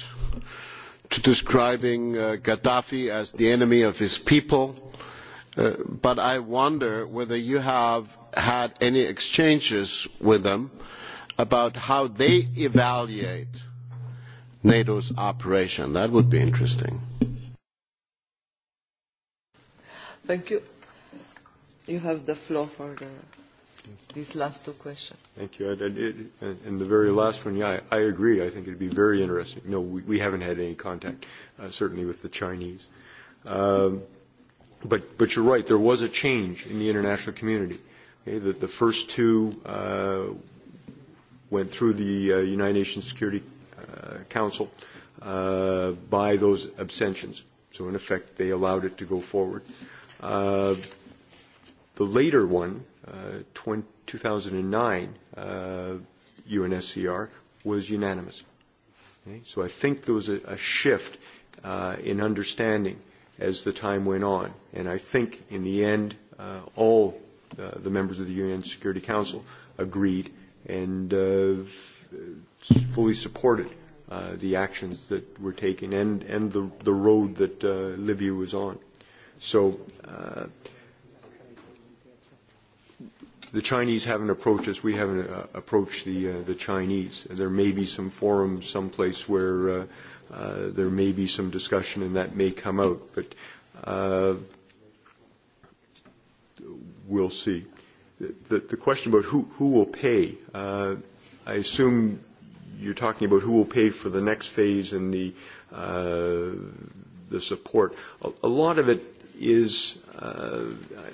to describing uh, Gaddafi as the enemy of his people, uh, but I wonder whether you have had any exchanges with them about how they evaluate NATO's operation. That would be interesting. Thank you. You have the floor for the these last two questions. Thank you. And, and the very last one, yeah, I, I agree. I think it would be very interesting. No, we, we haven't had any contact, uh, certainly with the Chinese. Um, but, but you're right, there was a change in the international community. Okay, the, the first two uh, went through the uh, United Nations Security uh, Council uh, by those abstentions. So in effect, they allowed it to go forward. Uh, the later one, 2009 uh, UNSCR uh, was unanimous. Okay? So I think there was a, a shift uh, in understanding as the time went on. And I think in the end, uh, all uh, the members of the UN Security Council agreed and uh, fully supported uh, the actions that were taken and, and the, the road that uh, Libya was on. So uh, the Chinese haven't approached us. We haven't uh, approached the, uh, the Chinese. There may be some forum someplace where uh, uh, there may be some discussion and that may come out, but uh, we'll see. The, the, the question about who, who will pay, uh, I assume you're talking about who will pay for the next phase and the, uh, the support. A, a lot of it is uh,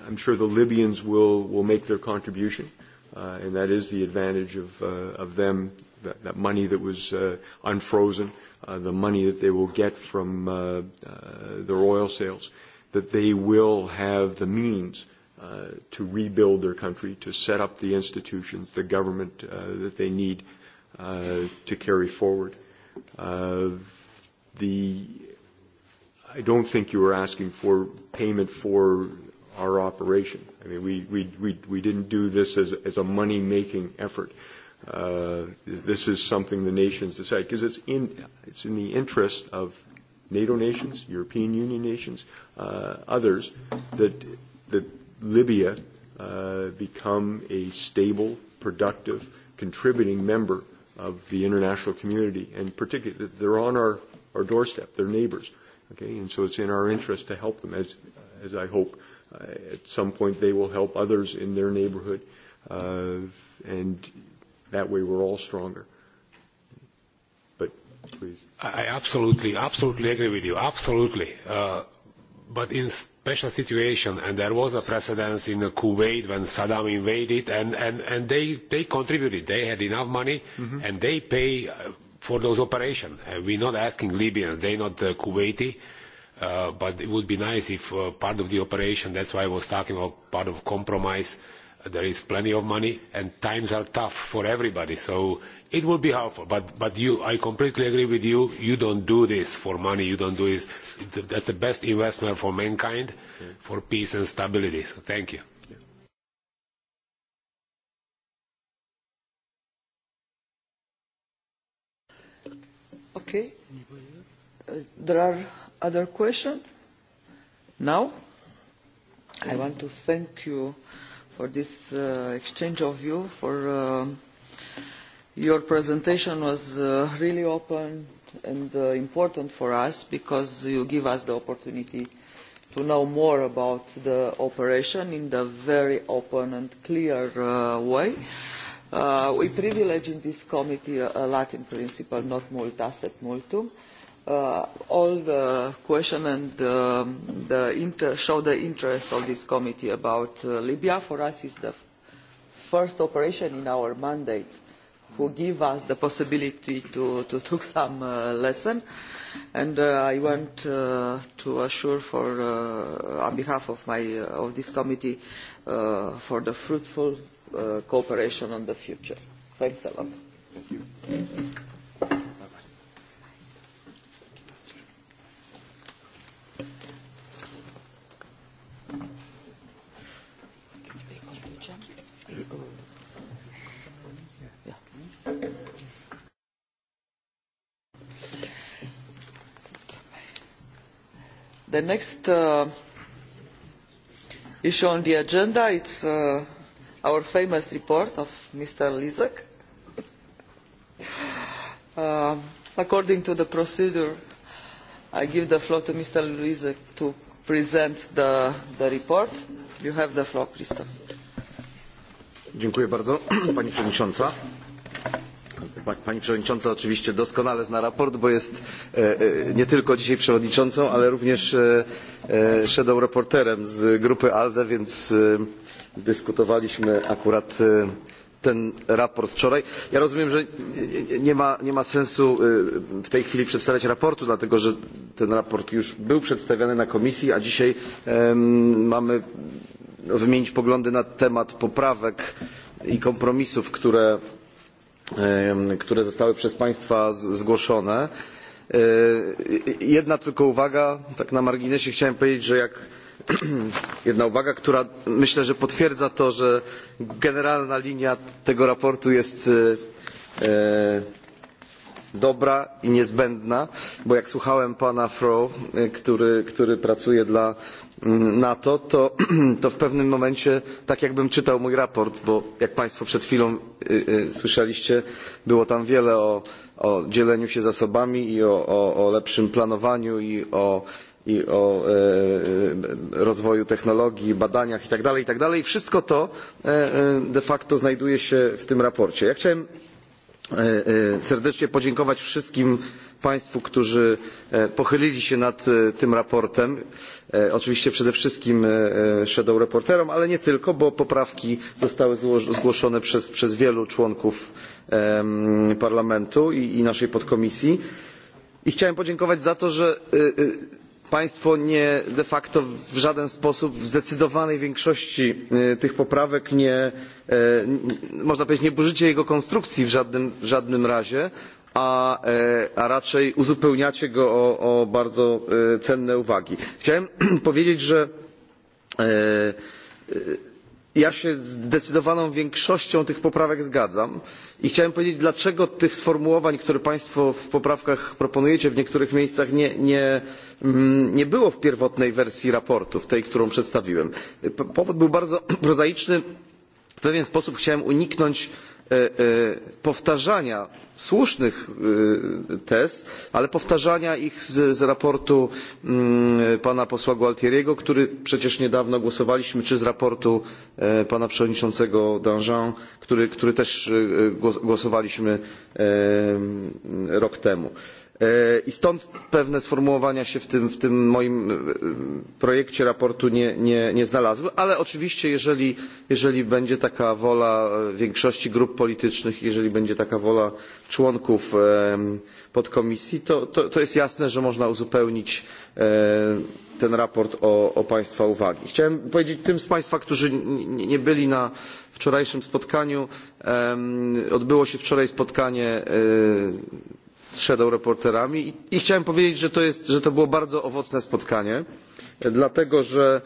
I'm sure the Libyans will, will make their contribution, uh, and that is the advantage of, uh, of them, that, that money that was uh, unfrozen, uh, the money that they will get from uh, uh, their oil sales, that they will have the means uh, to rebuild their country, to set up the institutions, the government uh, that they need uh, to carry forward. Uh, the i don't think you were asking for payment for our operation. I mean, we, we, we, we didn't do this as, as a money-making effort. Uh, this is something the nations decide because it's in, it's in the interest of NATO nations, European Union nations, uh, others, that, that Libya uh, become a stable, productive, contributing member of the international community, and particularly they're on our, our doorstep, they're neighbors Okay, and so it's in our interest to help them, as, as I hope uh, at some point they will help others in their neighborhood, uh, and that way we're all stronger. But please. I absolutely, absolutely agree with you. Absolutely. Uh, but in special situation, and there was a precedence in Kuwait when Saddam invaded, and, and, and they, they contributed. They had enough money, mm-hmm. and they pay. Uh, for those operations. Uh, we're not asking Libyans, they're not uh, Kuwaiti, uh, but it would be nice if uh, part of the operation, that's why I was talking about part of compromise, uh, there is plenty of money and times are tough for everybody, so it would be helpful. But, but you, I completely agree with you, you don't do this for money, you don't do this. That's the best investment for mankind, mm-hmm. for peace and stability, so thank you. Okay. Uh, there are other questions? Now, I want to thank you for this uh, exchange of view. For uh, your presentation was uh, really open and uh, important for us because you give us the opportunity to know more about the operation in the very open and clear uh, way. Uh, we privilege in this committee a, Latin principle, not multas et multum. Uh, all the question and um, the inter show the interest of this committee about uh, Libya. For us, is the first operation in our mandate who give us the possibility to, to take some uh, lesson. And uh, I want uh, to assure for, uh, on behalf of, my, uh, of this committee uh, for the fruitful Uh, cooperation on the future. Thanks a lot. Thank you. The next uh, issue on the agenda is uh, our famous report of Mr. Lizak. Uh, um, according to the procedure, I give the floor to Mr. Lizak to present the, the report. You have the floor, Christoph. Dziękuję bardzo, Pani Przewodnicząca. Pani Przewodnicząca oczywiście doskonale zna raport, bo jest e, e, nie tylko dzisiaj Przewodniczącą, ale również e, Shadow Reporterem z grupy ALDE, więc dyskutowaliśmy akurat e, ten raport wczoraj. Ja rozumiem, że nie ma, nie ma sensu e, w tej chwili przedstawiać raportu, dlatego że ten raport już był przedstawiany na komisji, a dzisiaj mamy wymienić poglądy na temat poprawek i kompromisów, które, które zostały przez Państwa zgłoszone. E, jedna tylko uwaga, tak na marginesie chciałem powiedzieć, że jak jedna uwaga, która myślę, że potwierdza to, że generalna linia tego raportu jest e, e, dobra i niezbędna, bo jak słuchałem pana Fro, e, który, który pracuje dla mm, NATO, to, to w pewnym momencie tak jakbym czytał mój raport, bo jak państwo przed chwilą y, y, słyszeliście, było tam wiele o, o dzieleniu się zasobami i o, o, o lepszym planowaniu i o i o e, e, rozwoju technologii, badaniach itd. itd. Wszystko to e, e, de facto znajduje się w tym raporcie. Ja chciałem serdecznie podziękować wszystkim państwu którzy pochylili się nad tym sprawozdaniem oczywiście przede wszystkim kontrsprawozdawcom ale nie tylko bo poprawki zostały zgłoszone przez, przez wielu członków parlamentu i, i naszej podkomisji i chciałem podziękować za to że państwo nie, de facto w żaden sposób w zdecydowanej większości tych poprawek nie, można powiedzieć, nie burzycie jego konstrukcji w żadnym, w żadnym razie, a, a raczej uzupełniacie go o, o bardzo cenne uwagi. Chciałem powiedzieć, że ja się z zdecydowaną większością tych poprawek zgadzam i chciałem powiedzieć dlaczego tych sformułowań które państwo w poprawkach proponujecie w niektórych miejscach nie, nie, mm, nie było w pierwotnej wersji sprawozdania w tej którą przedstawiłem. powód był bardzo prozaiczny w pewien sposób chciałem uniknąć E, e, powtarzania słusznych e, tez, ale powtarzania ich z, z raportu mm, pana posła Gualtieriego, który przecież niedawno głosowaliśmy, czy z raportu pana przewodniczącego Danjean, który też głosowaliśmy rok temu. E, i stąd pewne sformułowania się w tym, w tym moim e, projekcie sprawozdania nie, nie, nie znalazły ale oczywiście jeżeli, jeżeli będzie taka wola e, większości grup politycznych jeżeli będzie taka wola członków podkomisji to, to, to jest jasne że można uzupełnić to sprawozdanie o, o państwa uwagi. chciałem powiedzieć tym z państwa którzy nie byli na wczorajszym spotkaniu odbyło się wczoraj spotkanie z sprawozdawcami i chciałem powiedzieć że to, było bardzo owocne spotkanie dlatego że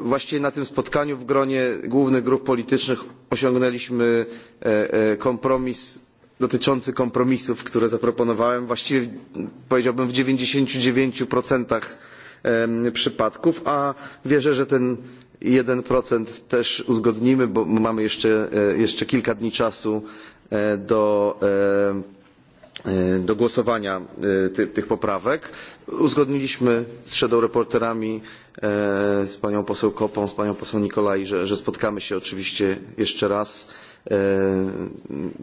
właściwie na tym spotkaniu w gronie głównych grup politycznych osiągnęliśmy e, e, kompromis dotyczący kompromisów które zaproponowałem właściwie powiedziałbym w dziewięćdzisiąt dziewięć przypadków a wierzę że ten jeden procent też uzgodnimy bo mamy jeszcze, e, jeszcze kilka dni czasu do E, do głosowania e, ty, tych poprawek. Uzgodniliśmy z shadow reporterami, e, z panią poseł Kopą, z panią poseł Nikolaj, że, że spotkamy się oczywiście jeszcze raz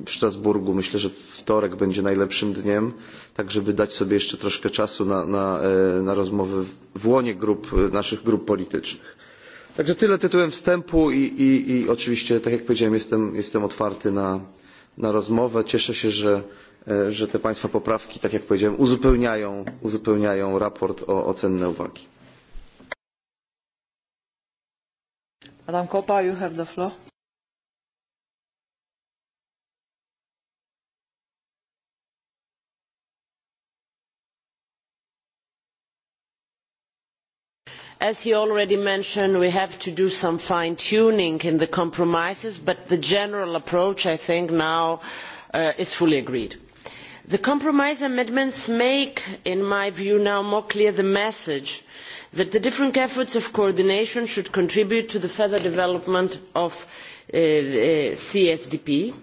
w Strasburgu. Myślę, że wtorek będzie najlepszym dniem, tak żeby dać sobie jeszcze troszkę czasu na, na, na rozmowy w łonie grup, naszych grup politycznych. Także tyle tytułem wstępu i, i, i oczywiście, tak jak powiedziałem, jestem, jestem otwarty na, na rozmowę. Cieszę się, że E, że te Państwa poprawki, tak jak powiedziałem, uzupełniają, uzupełniają raport o, o cenne uwagi. Madam Kopa, you have the floor. as he already mentioned we have to do some fine tuning in the compromises but the general approach i think now uh, is fully agreed the compromise amendments make in my view now more clear the message that the different efforts of coordination should contribute to the further development of uh, uh, csdp.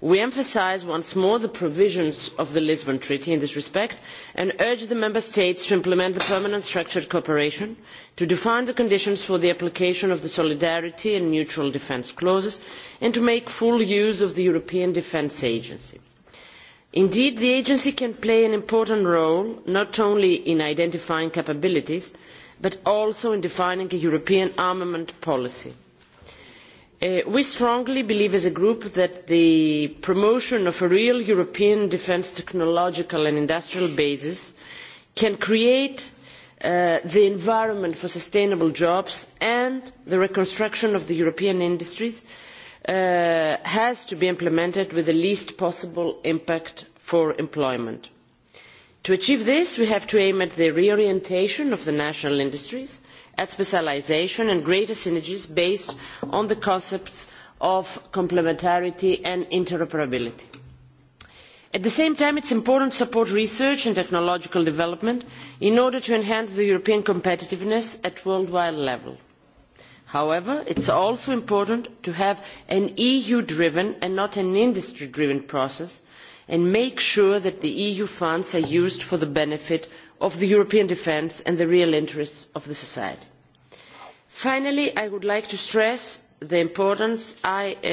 we emphasise once more the provisions of the lisbon treaty in this respect and urge the member states to implement the permanent structured cooperation to define the conditions for the application of the solidarity and mutual defence clauses and to make full use of the european defence agency indeed the agency can play an important role not only in identifying capabilities but also in defining a european armament policy. Uh, we strongly believe as a group that the promotion of a real european defence technological and industrial basis can create uh, the environment for sustainable jobs and the reconstruction of the european industries Uh, has to be implemented with the least possible impact for employment. To achieve this, we have to aim at the reorientation of the national industries, at specialisation and greater synergies based on the concepts of complementarity and interoperability. At the same time, it is important to support research and technological development in order to enhance the European competitiveness at worldwide level however it is also important to have an eu driven and not an industry driven process and make sure that the eu funds are used for the benefit of european defence and the real interests of society. finally i would like to stress the importance i uh,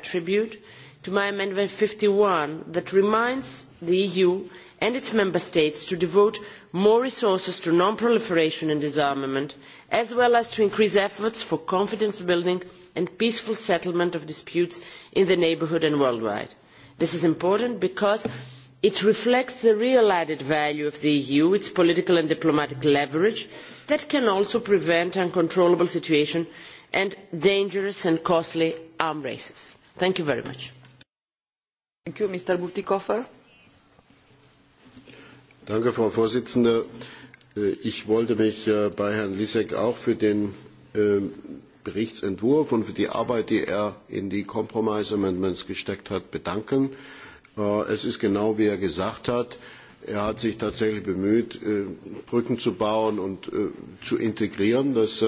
attribute to my amendment fifty one that reminds the eu and its member states to devote more resources to non proliferation and disarmament as well as to increase efforts for confidence building and peaceful settlement of disputes in the neighbourhood and worldwide. this is important because it reflects the real added value of the eu its political and diplomatic leverage that can also prevent uncontrollable situations and dangerous and costly arms races. thank you very much. Danke, frau präsidentin! Äh, ich wollte mich äh, bei Herrn Lisek auch für den ähm, Berichtsentwurf und für die Arbeit, die er in die Compromise Amendments gesteckt hat, bedanken. Äh, es ist genau wie er gesagt hat. Er hat sich tatsächlich bemüht, Brücken zu bauen und zu integrieren. Das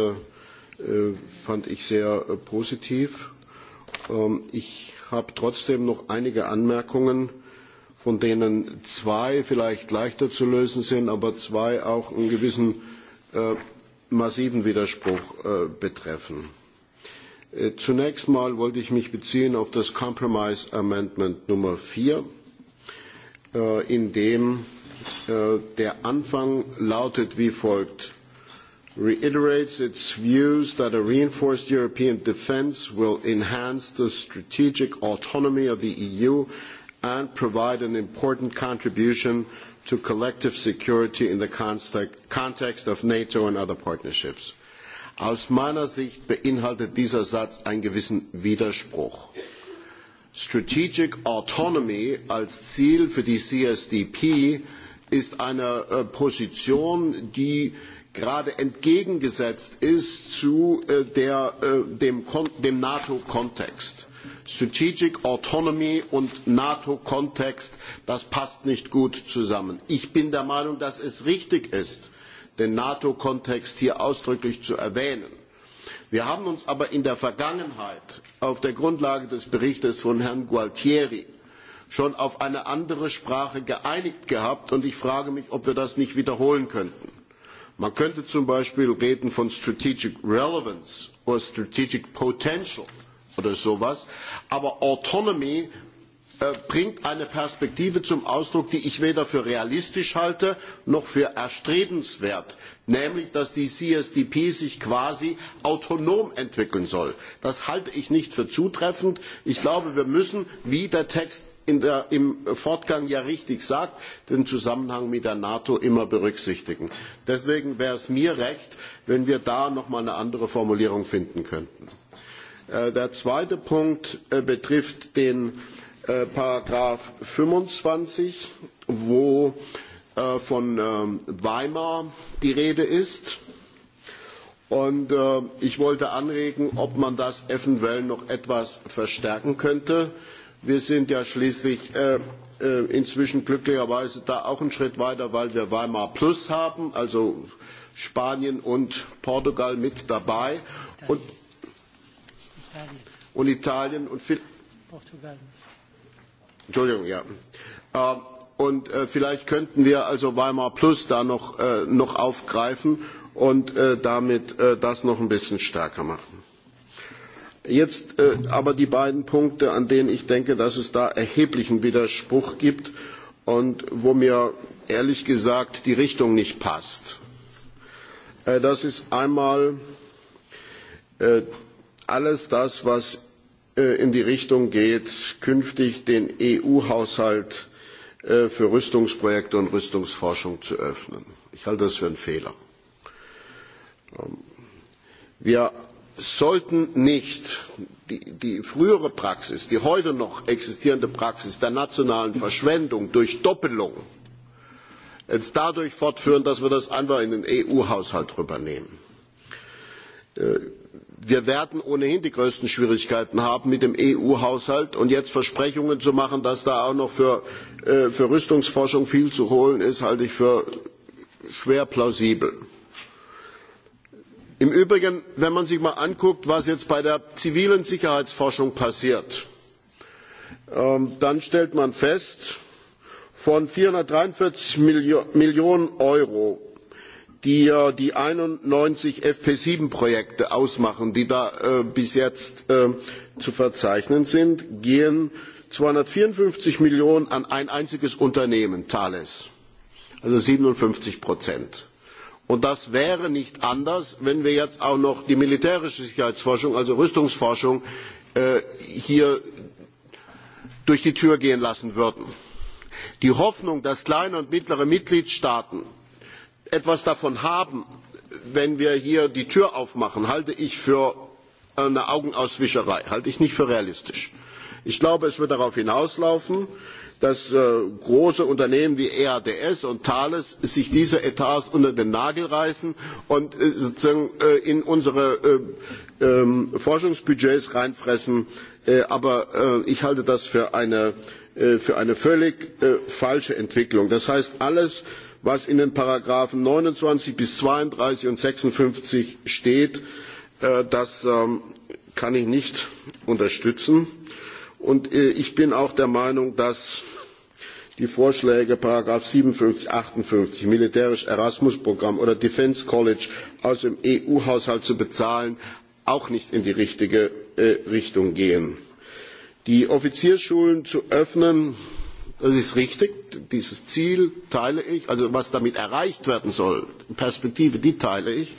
fand ich sehr positiv. Ähm, ich habe trotzdem noch einige Anmerkungen von denen zwei vielleicht leichter zu lösen sind, aber zwei auch einen gewissen äh, massiven Widerspruch äh, betreffen. Äh, zunächst einmal wollte ich mich beziehen auf das Compromise Amendment Nummer 4, in dem der Anfang lautet wie folgt reiterates its views that a reinforced European defence will enhance the strategic autonomy of the EU and provide an important contribution to collective security in the context of NATO and other partnerships. Aus meiner Sicht beinhaltet dieser Satz einen gewissen Widerspruch. Strategic Autonomy als Ziel für die CSDP ist eine äh, Position, die gerade entgegengesetzt ist zu äh, der, äh, dem, dem NATO-Kontext. Strategic Autonomy und NATO-Kontext, das passt nicht gut zusammen. Ich bin der Meinung, dass es richtig ist, den NATO-Kontext hier ausdrücklich zu erwähnen. Wir haben uns aber in der Vergangenheit auf der Grundlage des Berichts von Herrn Gualtieri schon auf eine andere Sprache geeinigt gehabt und ich frage mich, ob wir das nicht wiederholen könnten. Man könnte zum Beispiel von Strategic Relevance oder Strategic Potential oder sowas. Aber Autonomy äh, bringt eine Perspektive zum Ausdruck, die ich weder für realistisch halte noch für erstrebenswert, nämlich dass die CSDP sich quasi autonom entwickeln soll. Das halte ich nicht für zutreffend. Ich glaube, wir müssen, wie der Text der, im Fortgang ja richtig sagt, den Zusammenhang mit der NATO immer berücksichtigen. Deswegen wäre es mir recht, wenn wir da noch mal eine andere Formulierung finden könnten. Äh, der zweite Punkt äh, betrifft den äh, Paragraph 25, wo von ähm, Weimar die Rede ist. Und ich wollte anregen, ob man das eventuell noch etwas verstärken könnte. Wir sind ja schließlich inzwischen glücklicherweise da auch einen Schritt weiter, weil wir Weimar Plus haben, also Spanien und Portugal mit dabei. Und und Italien und Entschuldigung, ja. Ähm, und äh, vielleicht könnten wir also Weimar Plus da noch, äh, noch aufgreifen und äh, damit das noch ein bisschen stärker machen. Jetzt aber die beiden Punkte, an denen ich denke, dass es da erheblichen Widerspruch gibt und wo mir ehrlich gesagt die Richtung nicht passt. Das ist einmal alles das, was äh, in die Richtung geht, künftig den EU-Haushalt äh, für Rüstungsprojekte und Rüstungsforschung zu öffnen. Ich halte das für einen Fehler. Ähm, wir sollten nicht die, die frühere Praxis, die heute noch existierende Praxis der nationalen Verschwendung durch Doppelung jetzt dadurch fortführen, dass wir das einfach in den EU-Haushalt rübernehmen. Äh, wir werden ohnehin die größten schwierigkeiten haben mit dem eu haushalt und jetzt versprechungen zu machen dass da auch noch äh, für, rüstungsforschung viel zu holen ist halte ich für schwer plausibel. im übrigen wenn man sich einmal anschaut was jetzt bei der zivilen sicherheitsforschung passiert ähm, dann stellt man fest von vierhundertdreiundvierzig millionen euro die ja die einundneunzig fp sieben projekte ausmachen die da äh, bis jetzt äh, zu verzeichnen sind gehen zweihundertvierundfünfzig millionen an ein einziges unternehmen thales also siebenundfünfzig prozent. Und das wäre nicht anders, wenn wir jetzt auch noch die militärische Sicherheitsforschung, also Rüstungsforschung, äh, hier durch die Tür gehen lassen würden. Die Hoffnung, dass kleine und mittlere Mitgliedstaaten etwas davon haben wenn wir hier die tür aufmachen halte ich für eine augenauswischerei halte ich nicht für realistisch. ich glaube es wird darauf hinauslaufen dass äh, große unternehmen wie eads und thales sich diese etats unter den nagel reißen und äh, sozusagen äh, in unsere ähm, forschungsbudgets reinfressen aber ich halte das für eine, für eine völlig falsche entwicklung. das heißt alles was in den Paragraphen 29 bis 32 und 56 steht, äh, das ähm, kann ich nicht unterstützen. Und äh, ich bin auch der Meinung, dass die Vorschläge Paragraph 57, 58, militärisch Erasmus-Programm oder Defense College aus dem EU-Haushalt zu bezahlen, auch nicht in die richtige äh, Richtung gehen. Die Offiziersschulen zu öffnen, Das ist richtig. Dieses Ziel teile ich. Also was damit erreicht werden soll, Perspektive, die teile ich.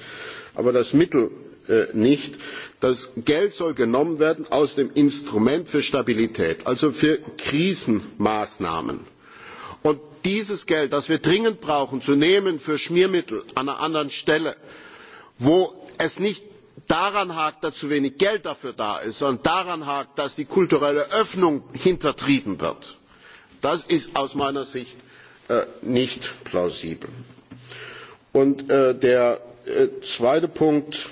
Aber das Mittel äh, nicht. Das Geld soll genommen werden aus dem Instrument für Stabilität, also für Krisenmaßnahmen. Und dieses Geld, das wir dringend brauchen, zu nehmen für Schmiermittel an einer anderen Stelle, wo es nicht daran hakt dass zu wenig geld dafür da ist sondern daran hakt dass die kulturelle öffnung hintertrieben wird Das ist aus meiner Sicht äh, nicht plausibel. Äh, der äh, zweite Punkt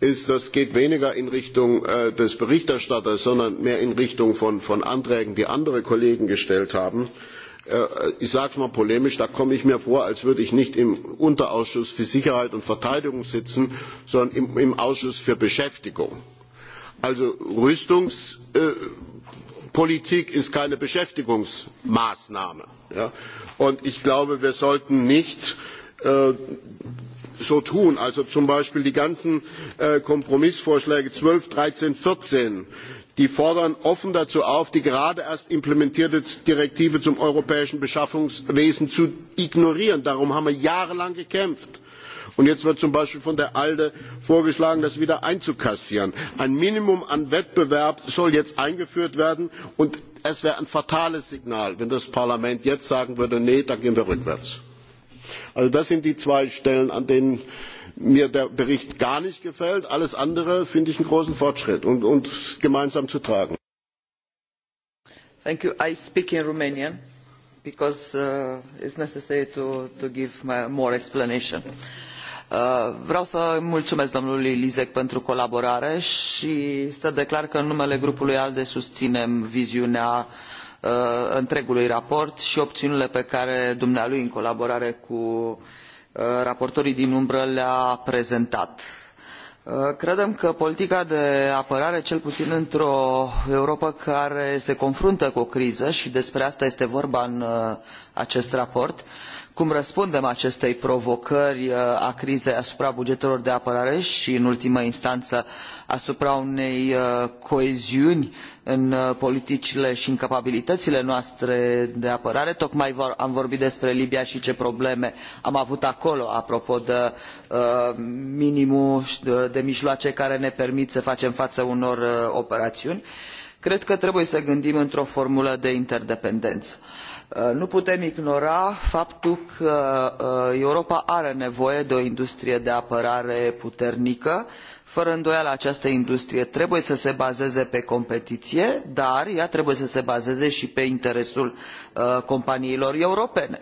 ist, das geht weniger in Richtung des Berichterstatters, sondern mehr in Richtung von, Anträgen, die andere Kollegen gestellt haben. ich sage es mal polemisch, da komme ich mir vor, als würde ich nicht im Unterausschuss für Sicherheit und Verteidigung sitzen, sondern im, im Ausschuss für Beschäftigung. Also Rüstungs politik ist keine beschäftigungsmaßnahme. ich glaube wir sollten nicht äh, so tun als ob zum beispiel die ganzen äh, kompromissvorschläge zwölf dreizehn vierzehn die fordern offen dazu auf die gerade erst implementierte richtlinie zum europäischen beschaffungswesen zu ignorieren. darum haben wir jahrelang gekämpft und jetzt wird zum beispiel von der alde vorgeschlagen das wieder einzukassieren. ein minimum an wettbewerb soll jetzt eingeführt werden und es wäre ein fatales signal wenn das parlament jetzt sagen würde nee da gehen wir rückwärts. also das sind die zwei stellen an denen mir der bericht gar nicht gefällt. alles andere finde ich einen großen fortschritt und, und gemeinsam zu tragen. Thank you. i speak in romanian because uh, it necessary to, to give more explanation. Uh, vreau să îi mulumesc domnului lisek pentru colaborare i să declar că în numele grupului alde susinem viziunea uh, întregului raport i opiunile pe care dumnealui în colaborare cu uh, raportorii din umbră le a prezentat Eh, credem că politica de apărare, cel puțin într-o Europa care se confruntă cu o criză, și despre asta este vorba în eh, acest raport, cum răspundem acestei provocări eh, a crizei asupra bugetelor de apărare și, în ultimă instanță, asupra unei coeziuni în uh, politicile i în capabilităile noastre de apărare. Tocmai am vorbit despre Libia i ce probleme am avut acolo, apropo de uh, minimul de mijloace care ne permit să facem faă unor uh, operaiuni Cred că trebuie să gândim într-o formulă de interdependenă. nu putem ignora faptul că europa are nevoie de o industrie de apărare puternică i fără îndoială această industrie trebuie să se bazeze pe competiție dar ea trebuie să se bazeze și pe interesul uh, companiilor europene.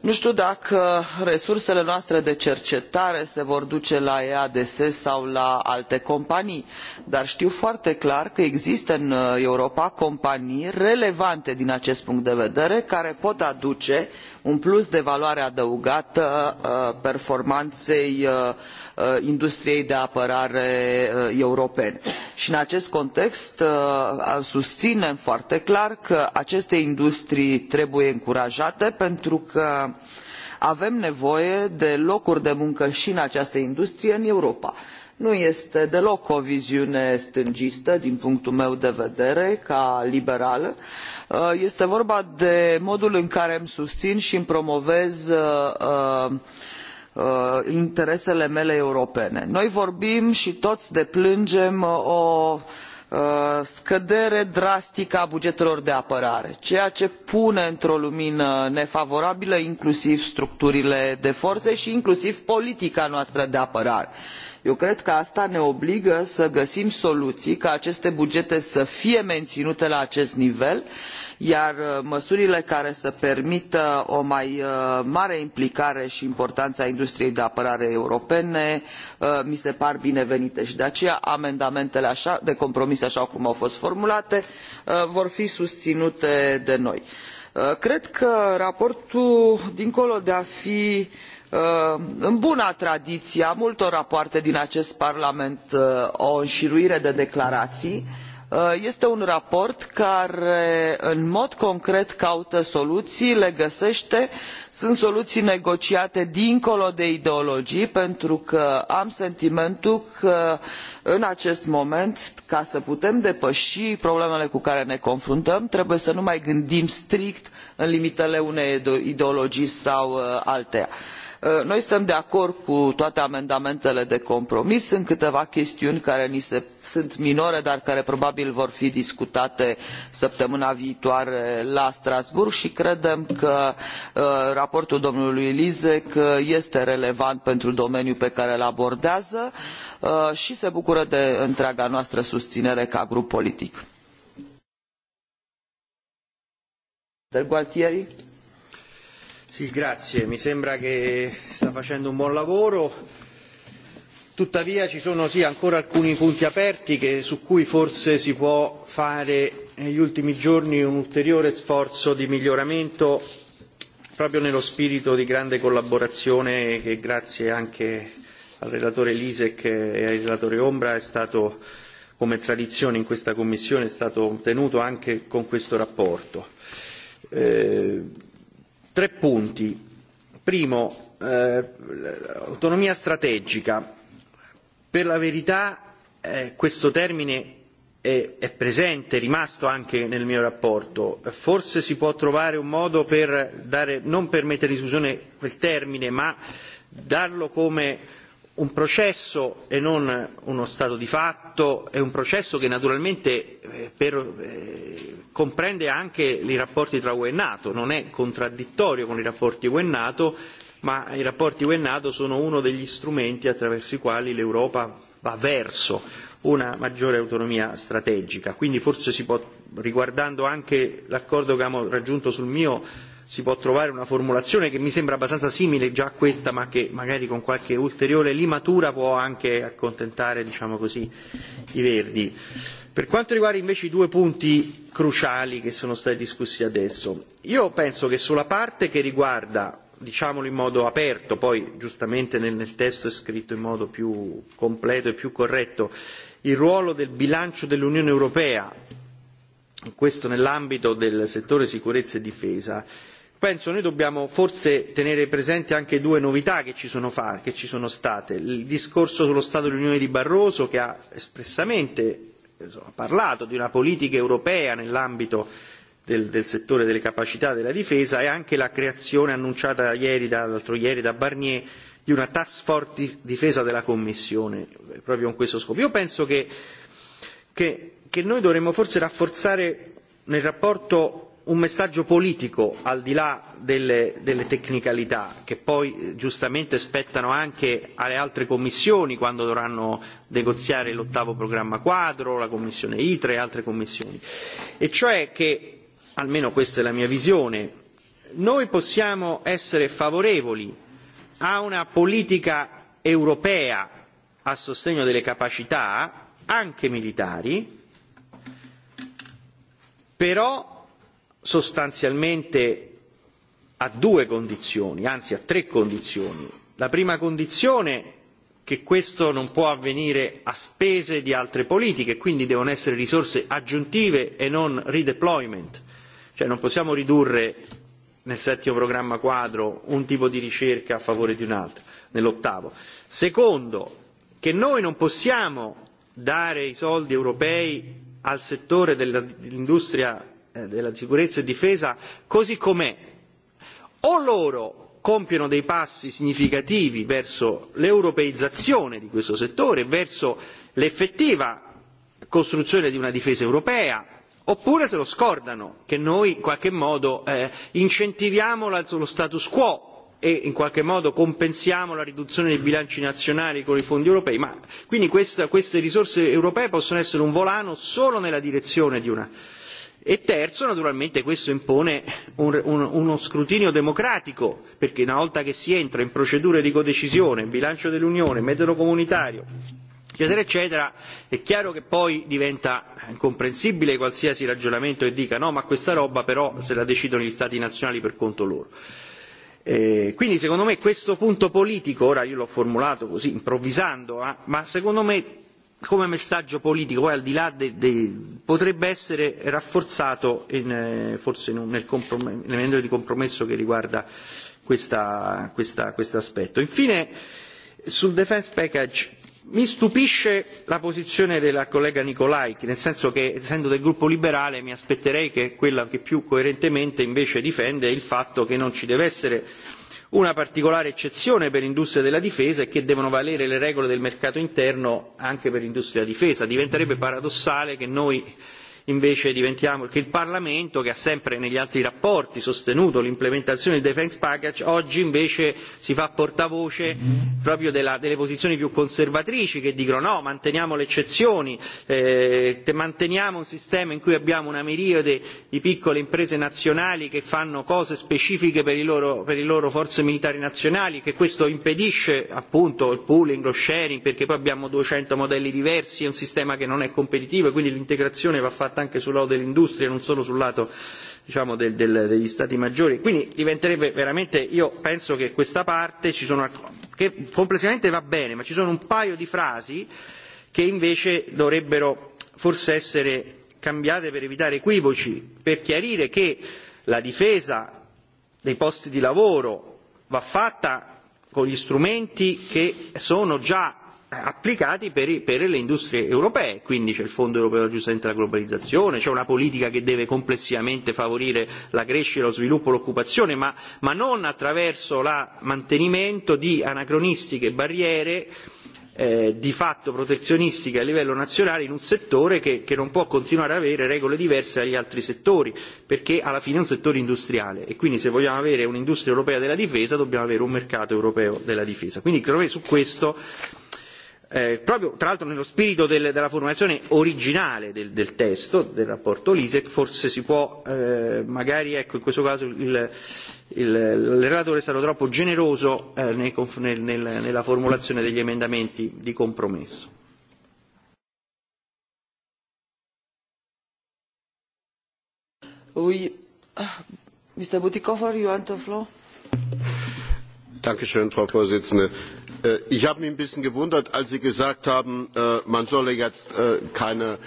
nu știu dacă resursele noastre de cercetare se vor duce la eads sau la alte companii dar știu foarte clar că există în uh, europa companii relevante din acest punct de vedere care pot aduce un plus de valoare adăugată uh, performanței uh, Uh, industriei de apărare uh, europene. Și în acest context uh, susținem foarte clar că aceste industrii trebuie încurajate pentru că avem nevoie de locuri de muncă și în această industrie în Europa. Nu este deloc o viziune stângistă din punctul meu de vedere ca liberal. Este vorba de modul în care îmi susțin și îmi promovez uh, Uh, interesele mele europene. noi vorbim și toți deplângem o uh, scădere drastică a bugetelor de apărare ceea ce pune într o lumină nefavorabilă inclusiv structurile de forțe și inclusiv politica noastră de apărare eu cred că asta ne obligă să găsim soluii ca aceste bugete să fie meninute la acest nivel iar uh, măsurile care să permită o mai uh, mare implicare i importană a industriei de apărare europene uh, mi se par binevenite i de aceea amendamentele de compromis aa cum au fost formulate vor fi susinute de noi. cred că raportul dincolo de a fi Uh, în buna tradiie a multor rapoarte din acest parlament uh, o îniruire de declaraii uh, este un raport care în mod concret caută soluii le găsete sunt soluii negociate dincolo de ideologii pentru că am sentimentul că în acest moment ca să putem depăi problemele cu care ne confruntăm trebuie să nu mai gândim strict în limitele unei ideologii sau alteia. Eh, noi suntem de acord cu toate amendamentele de compromis sunt câteva chestiuni care ni se sunt minore dar care probabil vor fi discutate săptămâna viitoare la strasbourg i credem că eh, raportul domnului lisek este relevant pentru domeniul pe care îl abordează eh, i se bucură de întreaga noastră susinere ca grup politic. Sì, grazie. Mi sembra che sta facendo un buon lavoro. Tuttavia ci sono sì, ancora alcuni punti aperti che, su cui forse si può fare negli ultimi giorni un ulteriore sforzo di miglioramento proprio nello spirito di grande collaborazione che grazie anche al relatore Lisek e al relatore Ombra è stato come tradizione in questa Commissione è stato tenuto anche con questo rapporto. Eh, tre punti. Primo, eh, autonomia strategica. Per la verità eh, questo termine è, è presente, è rimasto anche nel mio rapporto. Forse si può trovare un modo per dare, non per mettere in discussione quel termine, ma darlo come un processo e non uno stato di fatto fatto, è un processo che naturalmente eh, per, eh, comprende anche i rapporti tra UE e Nato, non è contraddittorio con i rapporti UE e Nato, ma i rapporti UE e Nato sono uno degli strumenti attraverso i quali l'Europa va verso una maggiore autonomia strategica. Quindi forse si può, riguardando anche l'accordo che abbiamo raggiunto sul mio si può trovare una formulazione che mi sembra abbastanza simile già a questa, ma che magari con qualche ulteriore limatura può anche accontentare diciamo così, i Verdi. Per quanto riguarda invece i due punti cruciali che sono stati discussi adesso, io penso che sulla parte che riguarda diciamolo in modo aperto, poi giustamente nel, nel testo è scritto in modo più completo e più corretto, il ruolo del bilancio dell'Unione Europea, questo nell'ambito del settore sicurezza e difesa, penso noi dobbiamo forse tenere presente anche due novità che ci sono, state il discorso sullo stato dell'unione di barroso che ha espressamente eh, parlato di una politica europea nell'ambito del, settore delle capacità della difesa e anche la creazione annunciata ieri, da, l'altro ieri da Barnier di una task force di difesa della Commissione proprio con questo scopo. Io penso che noi dovremmo forse rafforzare nel rapporto un messaggio politico al di là delle, delle tecnicalità che poi eh, giustamente spettano anche alle altre commissioni quando dovranno negoziare l'ottavo programma quadro, la commissione ITRE e altre commissioni. E cioè che, almeno questa è la mia visione, noi possiamo essere favorevoli a una politica europea a sostegno delle capacità anche militari, però sostanzialmente a due condizioni, anzi a tre condizioni. La prima condizione che questo non può avvenire a spese di altre politiche, quindi devono essere risorse aggiuntive e non redeployment, cioè non possiamo ridurre nel settimo programma quadro un tipo di ricerca a favore di un altro, nell'ottavo. Secondo, che noi non possiamo dare i soldi europei al settore dell'industria Eh, della sicurezza e difesa così com'è o loro compiono dei passi significativi verso l'europeizzazione di questo settore, verso l'effettiva costruzione di una difesa europea, oppure se lo scordano che noi in qualche modo eh, incentiviamo la, lo status quo e in qualche modo compensiamo la riduzione dei bilanci nazionali con i fondi europei, ma quindi questa, queste risorse europee possono essere un volano solo nella direzione di una E terzo, naturalmente, questo impone un, un, uno scrutinio democratico, perché una volta che si entra in procedure di codecisione, bilancio dell'Unione, metodo comunitario, eccetera, eccetera, è chiaro che poi diventa incomprensibile qualsiasi ragionamento che dica no, ma questa roba però se la decidono gli Stati nazionali per conto loro. Eh, quindi secondo me questo punto politico, ora io l'ho formulato così improvvisando, eh, ma secondo me come messaggio politico poi al di là de, de, potrebbe essere rafforzato in, eh, forse in un, nel nell'emendamento di compromesso che riguarda questa, questa, questo aspetto. Infine sul defence package mi stupisce la posizione della collega Nicolai, nel senso che essendo del gruppo liberale mi aspetterei che quella che più coerentemente invece difende il fatto che non ci deve essere Una particolare eccezione per l'industria della difesa è che devono valere le regole del mercato interno anche per l'industria della difesa. Diventerebbe paradossale che noi invece diventiamo che il Parlamento che ha sempre negli altri rapporti sostenuto l'implementazione del defence package oggi invece si fa portavoce proprio della, delle posizioni più conservatrici che dicono no manteniamo le eccezioni eh, manteniamo un sistema in cui abbiamo una miriade di piccole imprese nazionali che fanno cose specifiche per i loro, per i loro forze militari nazionali che questo impedisce appunto il pooling lo sharing perché poi abbiamo 200 modelli diversi è un sistema che non è competitivo e quindi l'integrazione va fatta impatto anche sul lato dell'industria, e non solo sul lato diciamo, del, del, degli stati maggiori. Quindi diventerebbe veramente, io penso che questa parte ci sono, che complessivamente va bene, ma ci sono un paio di frasi che invece dovrebbero forse essere cambiate per evitare equivoci, per chiarire che la difesa dei posti di lavoro va fatta con gli strumenti che sono già applicati per, per le industrie europee, quindi c'è il Fondo europeo giustamente della globalizzazione, c'è una politica che deve complessivamente favorire la crescita, lo sviluppo, l'occupazione, ma, ma non attraverso il mantenimento di anacronistiche barriere eh, di fatto protezionistiche a livello nazionale in un settore che, che non può continuare ad avere regole diverse dagli altri settori, perché alla fine è un settore industriale e quindi se vogliamo avere un'industria europea della difesa dobbiamo avere un mercato europeo della difesa. Quindi su questo eh, proprio tra l'altro nello spirito del, della formulazione originale del, del testo del rapporto Lisek forse si può eh, magari ecco in questo caso il, il, il relatore è stato troppo generoso eh, nei, nel, nel, nella formulazione degli emendamenti di compromesso. Oui. Mr. Butikofer, you want the floor? Dankeschön, Frau Vorsitzende Äh, ich habe mich ein bisschen gewundert als sie gesagt haben äh, man solle jetzt äh, keine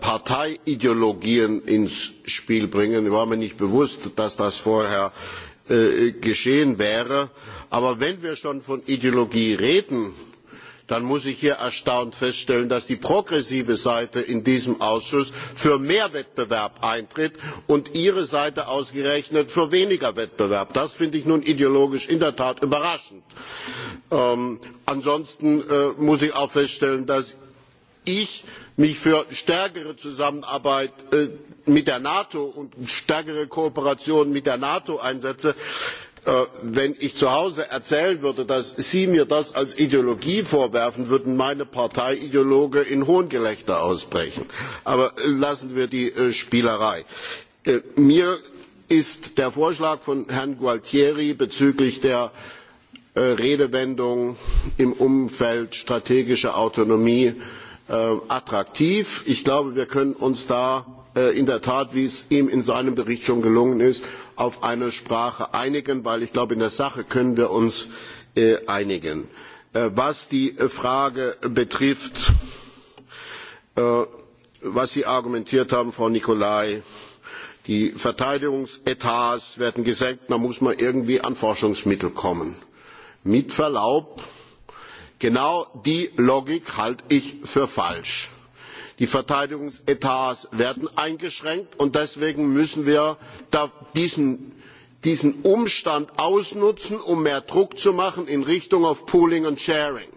parteiideologien ins spiel bringen. mir war nicht bewusst dass das vorher geschehen wäre. aber wenn wir schon von ideologie reden dann muss ich hier erstaunt feststellen dass die progressive seite in diesem ausschuss für mehr wettbewerb eintritt und ihre seite ausgerechnet für weniger wettbewerb. das finde ich nun ideologisch in der tat überraschend. Ähm, ansonsten äh, muss ich auch feststellen dass ich mich für stärkere zusammenarbeit äh, mit der nato und stärkere kooperation mit der nato einsetze. Äh, wenn ich zu hause erzählen würde dass sie mir das als ideologie vorwerfen würden meine parteiideologen in hohngelächter ausbrechen. aber äh, lassen wir die äh, spielerei. mir ist der vorschlag von herrn gualtieri bezüglich der redewendung im umfeld strategischer autonomie attraktiv. ich glaube wir können uns da Äh, in der tat wie es ihm in seinem bericht schon gelungen ist auf eine sprache einigen weil ich glaube in der sache können wir uns äh, einigen. Äh, was die frage betrifft was sie argumentiert haben frau nicolai die verteidigungsetats werden gesenkt da muss man irgendwie an forschungsmittel kommen. mit verlaub genau die logik halte ich für falsch die verteidigungsetats werden eingeschränkt und deswegen müssen wir diesen, umstand ausnutzen um mehr druck zu machen in richtung pooling and sharing.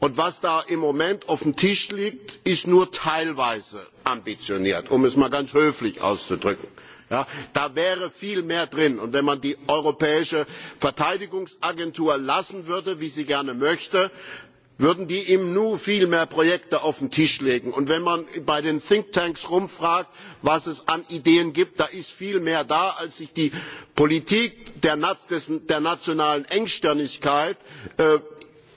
Und was da im moment auf dem tisch liegt ist nur teilweise ambitioniert um es mal ganz höflich auszudrücken. da wäre viel mehr drin. und wenn man die europäische verteidigungsagentur lassen würde wie sie gerne möchte würden die im nu viel mehr projekte auf den tisch legen. und wenn man bei den thinktanks rumfragt was es an ideen gibt da ist viel mehr da als sich die politik der nationalen engstirnigkeit äh,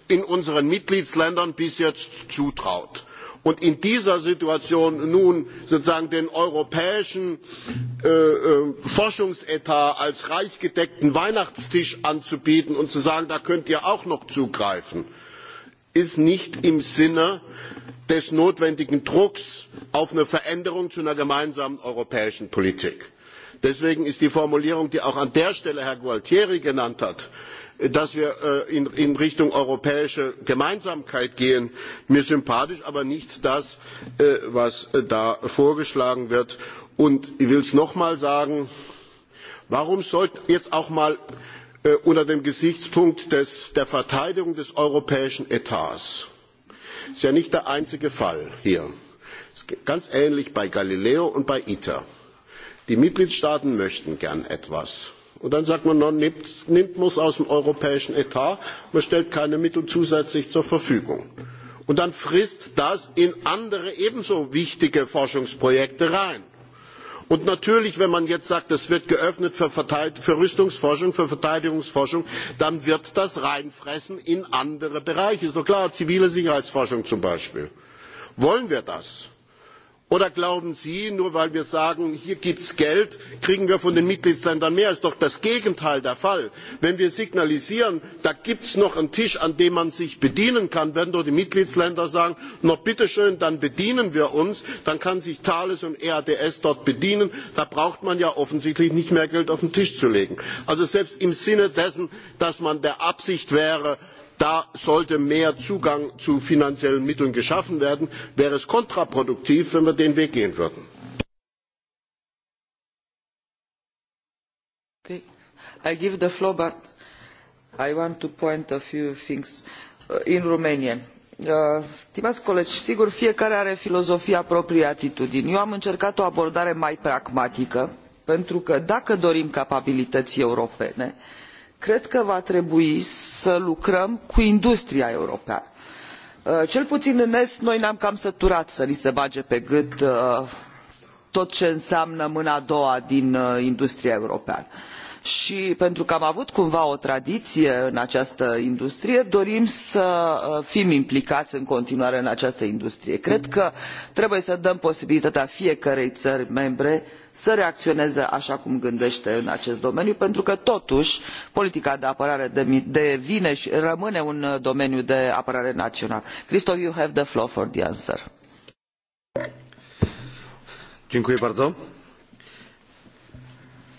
in unseren mitgliedstaaten bis jetzt zutraut. und in dieser situation nun sozusagen den europäischen äh, äh, forschungsetat als reich gedeckten weihnachtstisch anzubieten und zu sagen da könnt ihr auch noch zugreifen ist nicht im sinne des notwendigen drucks auf eine veränderung zu einer gemeinsamen europäischen politik. deswegen ist die formulierung die auch an der stelle herr gualtieri genannt hat dass wir äh, in richtung europäische gemeinsamkeit gehen mir sympathisch aber nicht das äh, was äh, da vorgeschlagen wird. und ich will es noch einmal sagen warum sollten jetzt auch Äh, unter dem gesichtspunkt der verteidigung des europäischen etats. das ist ja nicht der einzige fall hier. es ist ganz ähnlich bei galileo und bei iter. die mitgliedstaaten möchten gern etwas und dann sagt man man no, nimmt, nimmt muss aus dem europäischen etat man stellt keine mittel zusätzlich zur verfügung und dann frisst das in andere ebenso wichtige forschungsprojekte rein und natürlich wenn man jetzt sagt es wird geöffnet für, rüstungsforschung für verteidigungsforschung dann wird das reinfressen in andere bereiche ist doch klar zivile sicherheitsforschung zum beispiel. wollen wir das? oder glauben sie nur weil wir sagen hier gibt es geld kriegen wir von den mitgliedstaaten mehr? das ist doch das gegenteil der fall! wenn wir signalisieren da gibt es noch einen tisch an dem man sich bedienen kann werden doch die mitgliedstaaten sagen na bitte schön dann bedienen wir uns dann kann sich thales und eads dort bedienen da braucht man ja offensichtlich nicht mehr geld auf den tisch zu legen. also selbst im sinne dessen dass man der absicht wäre da sollte mehr zugang zu finanziellen mitteln geschaffen werden wäre es kontraproduktiv wenn wir den weg gehen würden. Okay. i give the floor but i want to point a few things uh, in romanian. Uh, stimați colegi, sigur fiecare are filozofia proprii atitudini. Eu am încercat o abordare mai pragmatică, pentru că dacă dorim capabilități europene, uh, cred că va trebui să lucrăm cu industria europeană. Uh, cel puin în est noi ne am cam săturat să ni se bage pe gât uh, tot ce înseamnă mâna a doua din uh, industria europeană i pentru că am avut cumva o tradiie în această industrie dorim să uh, fim implicai în continuare în această industrie. cred că trebuie să dăm posibilitatea fiecărei ări membre să reacioneze aa cum gândete în acest domeniu pentru că totui politica de apărare devine i rămâne un uh, domeniu de apărare naională. christophe you have the floor for the answer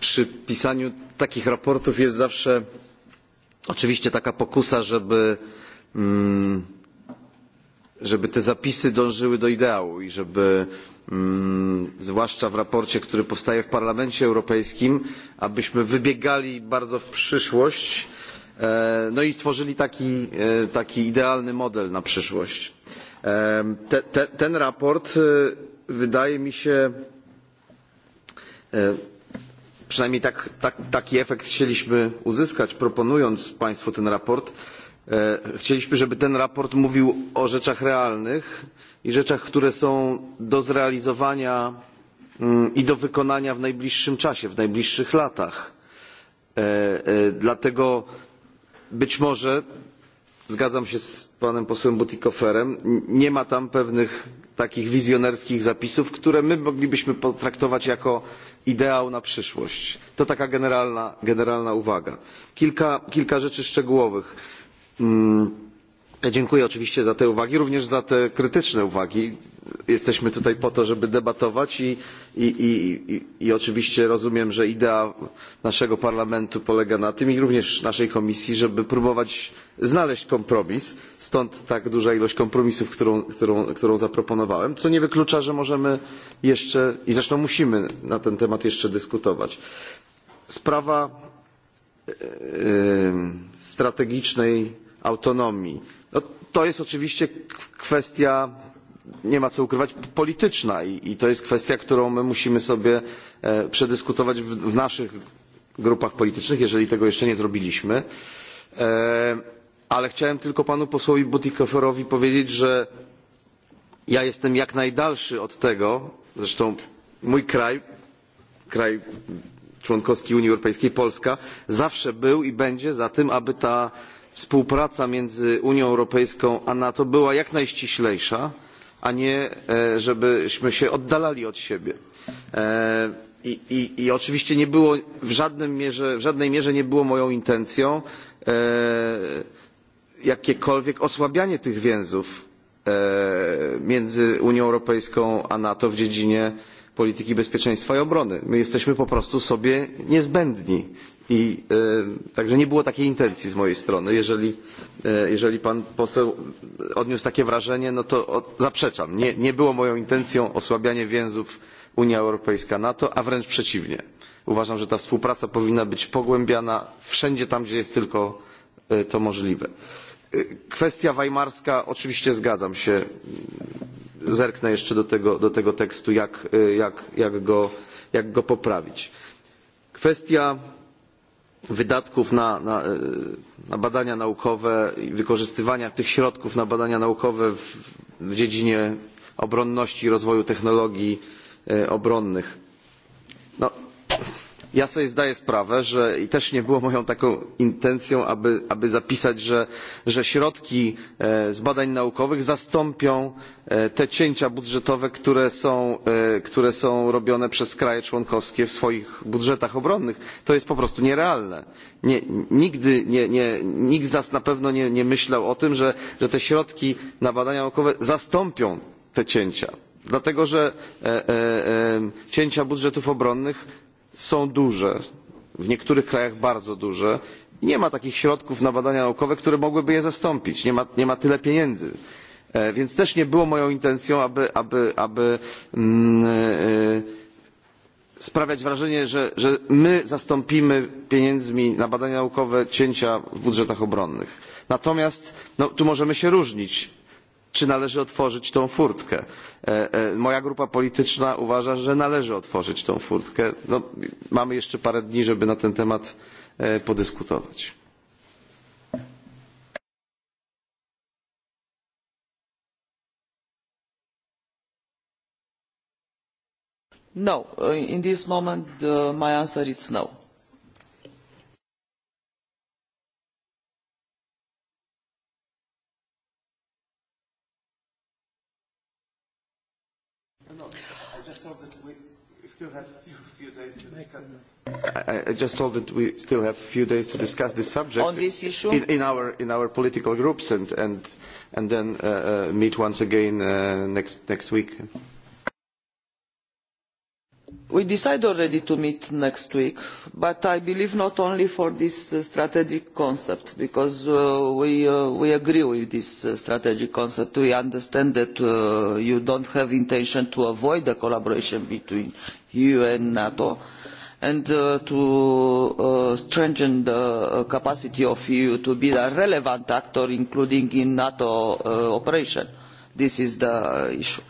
przy pisaniu takich raportów jest zawsze oczywiście taka pokusa, żeby, mm, żeby te zapisy dążyły do ideału i żeby mm, zwłaszcza w raporcie, który powstaje w Parlamencie Europejskim, abyśmy wybiegali bardzo w przyszłość e, no i tworzyli taki, e, taki idealny model na przyszłość. E, te, te, ten raport wydaje mi się przynajmniej tak, tak, taki efekt chcieliśmy uzyskać, proponując Państwu ten raport. E, chcieliśmy, żeby ten raport mówił o rzeczach realnych i rzeczach, które są do zrealizowania mm, i do wykonania w najbliższym czasie, w najbliższych latach. E, e, dlatego być może zgadzam się z panem posłem Butikoferem, nie ma tam pewnych takich wizjonerskich zapisów, które my moglibyśmy potraktować jako ideał na przyszłość. To taka generalna, generalna uwaga. Kilka, kilka rzeczy szczegółowych. Hmm Dziękuję oczywiście za te uwagi, również za te krytyczne uwagi. Jesteśmy tutaj po to, żeby debatować i, i, i, i oczywiście rozumiem, że idea naszego parlamentu polega na tym i również naszej komisji, żeby próbować znaleźć kompromis. Stąd tak duża ilość kompromisów, którą, którą, którą zaproponowałem, co nie wyklucza, że możemy jeszcze i zresztą musimy na ten temat jeszcze dyskutować. Sprawa yy, e, e, strategicznej autonomii. No, to jest oczywiście kwestia nie ma co ukrywać polityczna i, to jest kwestia, którą my musimy sobie e, przedyskutować w, naszych grupach politycznych, jeżeli tego jeszcze nie zrobiliśmy. E, ale chciałem tylko panu posłowi Butikoferowi powiedzieć, że ja jestem jak najdalszy od tego, zresztą mój kraj, kraj członkowski Unii Europejskiej, Polska, zawsze był i będzie za tym, aby ta współpraca między Unią Europejską a NATO była jak najściślejsza, a nie e, żebyśmy się oddalali od siebie. E, I, i, i oczywiście nie było w, żadnym mierze, w żadnej mierze nie było moją intencją e, jakiekolwiek osłabianie tych więzów między Unią Europejską a NATO w dziedzinie polityki bezpieczeństwa i obrony. My jesteśmy po prostu sobie niezbędni. I y, e, także nie było takiej intencji z mojej strony. Jeżeli, y, e, jeżeli pan poseł odniósł takie wrażenie, no to o, zaprzeczam. Nie, nie było moją intencją osłabianie więzów Unia Europejska-NATO, a wręcz przeciwnie. Uważam, że ta współpraca powinna być pogłębiana wszędzie tam, gdzie jest tylko e, to możliwe. Kwestia weimarska, oczywiście zgadzam się zerknę jeszcze do tego, do tego tekstu, jak, jak, jak, go, jak go poprawić. Kwestia wydatków na, na, na badania naukowe i wykorzystywania tych środków na badania naukowe w, w dziedzinie obronności i rozwoju technologii obronnych ja sobie zdaję sprawę że i też nie było moją taką intencją aby, aby zapisać że, że środki e, z badań naukowych zastąpią e, te cięcia budżetowe które są, e, które są robione przez kraje członkowskie w swoich budżetach obronnych. to jest po prostu nierealne. Nie, nigdy nie, nie, nikt z nas na pewno nie, nie myślał o tym że, że te środki na badania naukowe zastąpią te cięcia dlatego że e, e, cięcia budżetów obronnych są duże w niektórych krajach bardzo duże i nie ma takich środków na badania naukowe które mogłyby je zastąpić nie ma, nie ma tyle pieniędzy e, więc też nie było moją intencją aby, aby, aby mm, e, e, sprawiać wrażenie że, że my zastąpimy pieniędzmi na badania naukowe cięcia w budżetach obronnych. natomiast no, tu możemy się różnić czy należy otworzyć tą furtkę. E, e, moja grupa polityczna uważa, że należy otworzyć tą furtkę. No, mamy jeszcze parę dni, żeby na ten temat e, podyskutować. No, in this moment uh, my answer is no just told that we still have few, few days to discuss. I, I just told that we still have a few days to discuss this subject on this issue in, in our in our political groups and and and then uh, uh, meet once again uh, next next week we decide already to meet next week but i believe not only for this uh, strategic concept because uh, we, uh, we agree with this strategic concept we understand that you do not have the intention to avoid the collaboration between the eu and nato and to strengthen the capacity of the eu to be a relevant actor including in nato operations. this is the issue.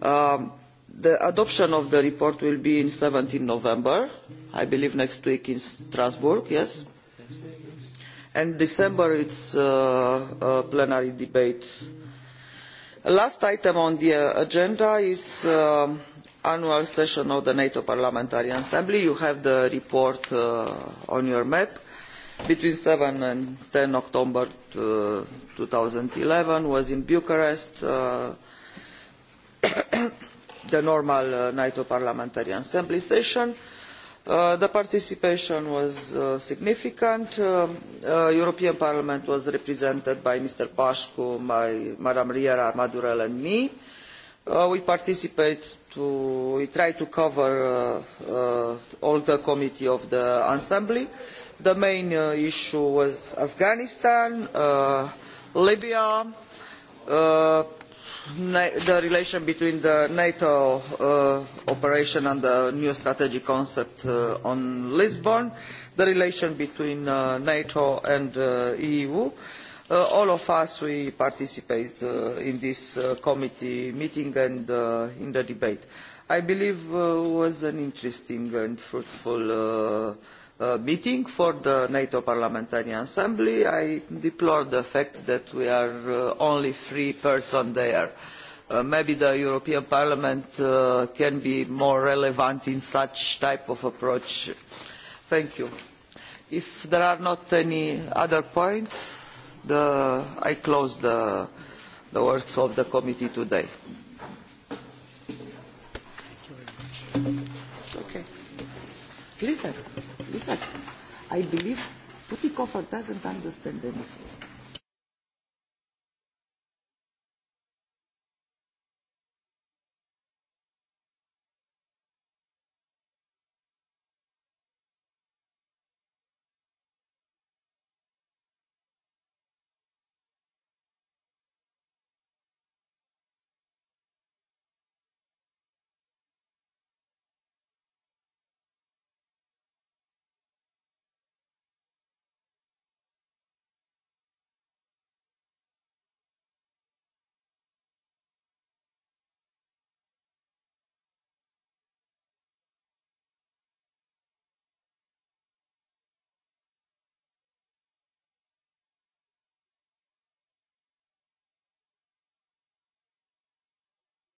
Um, the adoption of the report will be on seventeen november i believe next week in strasbourg yes and december it's uh, a uh, plenary debate. the last item on the agenda is the uh, annual session of the nato parliamentary assembly. you have the report uh, on your map between seven and ten october uh, two thousand and eleven was in bucharest the normal uh, NATO Parliamentary Assembly session. Uh, the participation was uh, significant. Uh, uh, European Parliament was represented by Mr. Pascu, my, Madam Riera Madurel and me. Uh, we participate to, we try to cover uh, uh, all the committee of the assembly. The main uh, issue was Afghanistan, uh, Libya, uh, the relation between the NATO uh, operation and the new strategic concept uh, on Lisbon, the relation between uh, NATO and uh, EU. Uh, all of us, we participate uh, in this uh, committee meeting and uh, in the debate. I believe uh, was an interesting and fruitful uh, Uh, meeting for the NATO Parliamentary Assembly. I deplore the fact that we are uh, only three persons there. Uh, maybe the European Parliament uh, can be more relevant in such type of approach. Thank you. If there are not any other points, I close the, the works of the committee today. Listen, listen. I believe Putikoffer doesn't understand anything.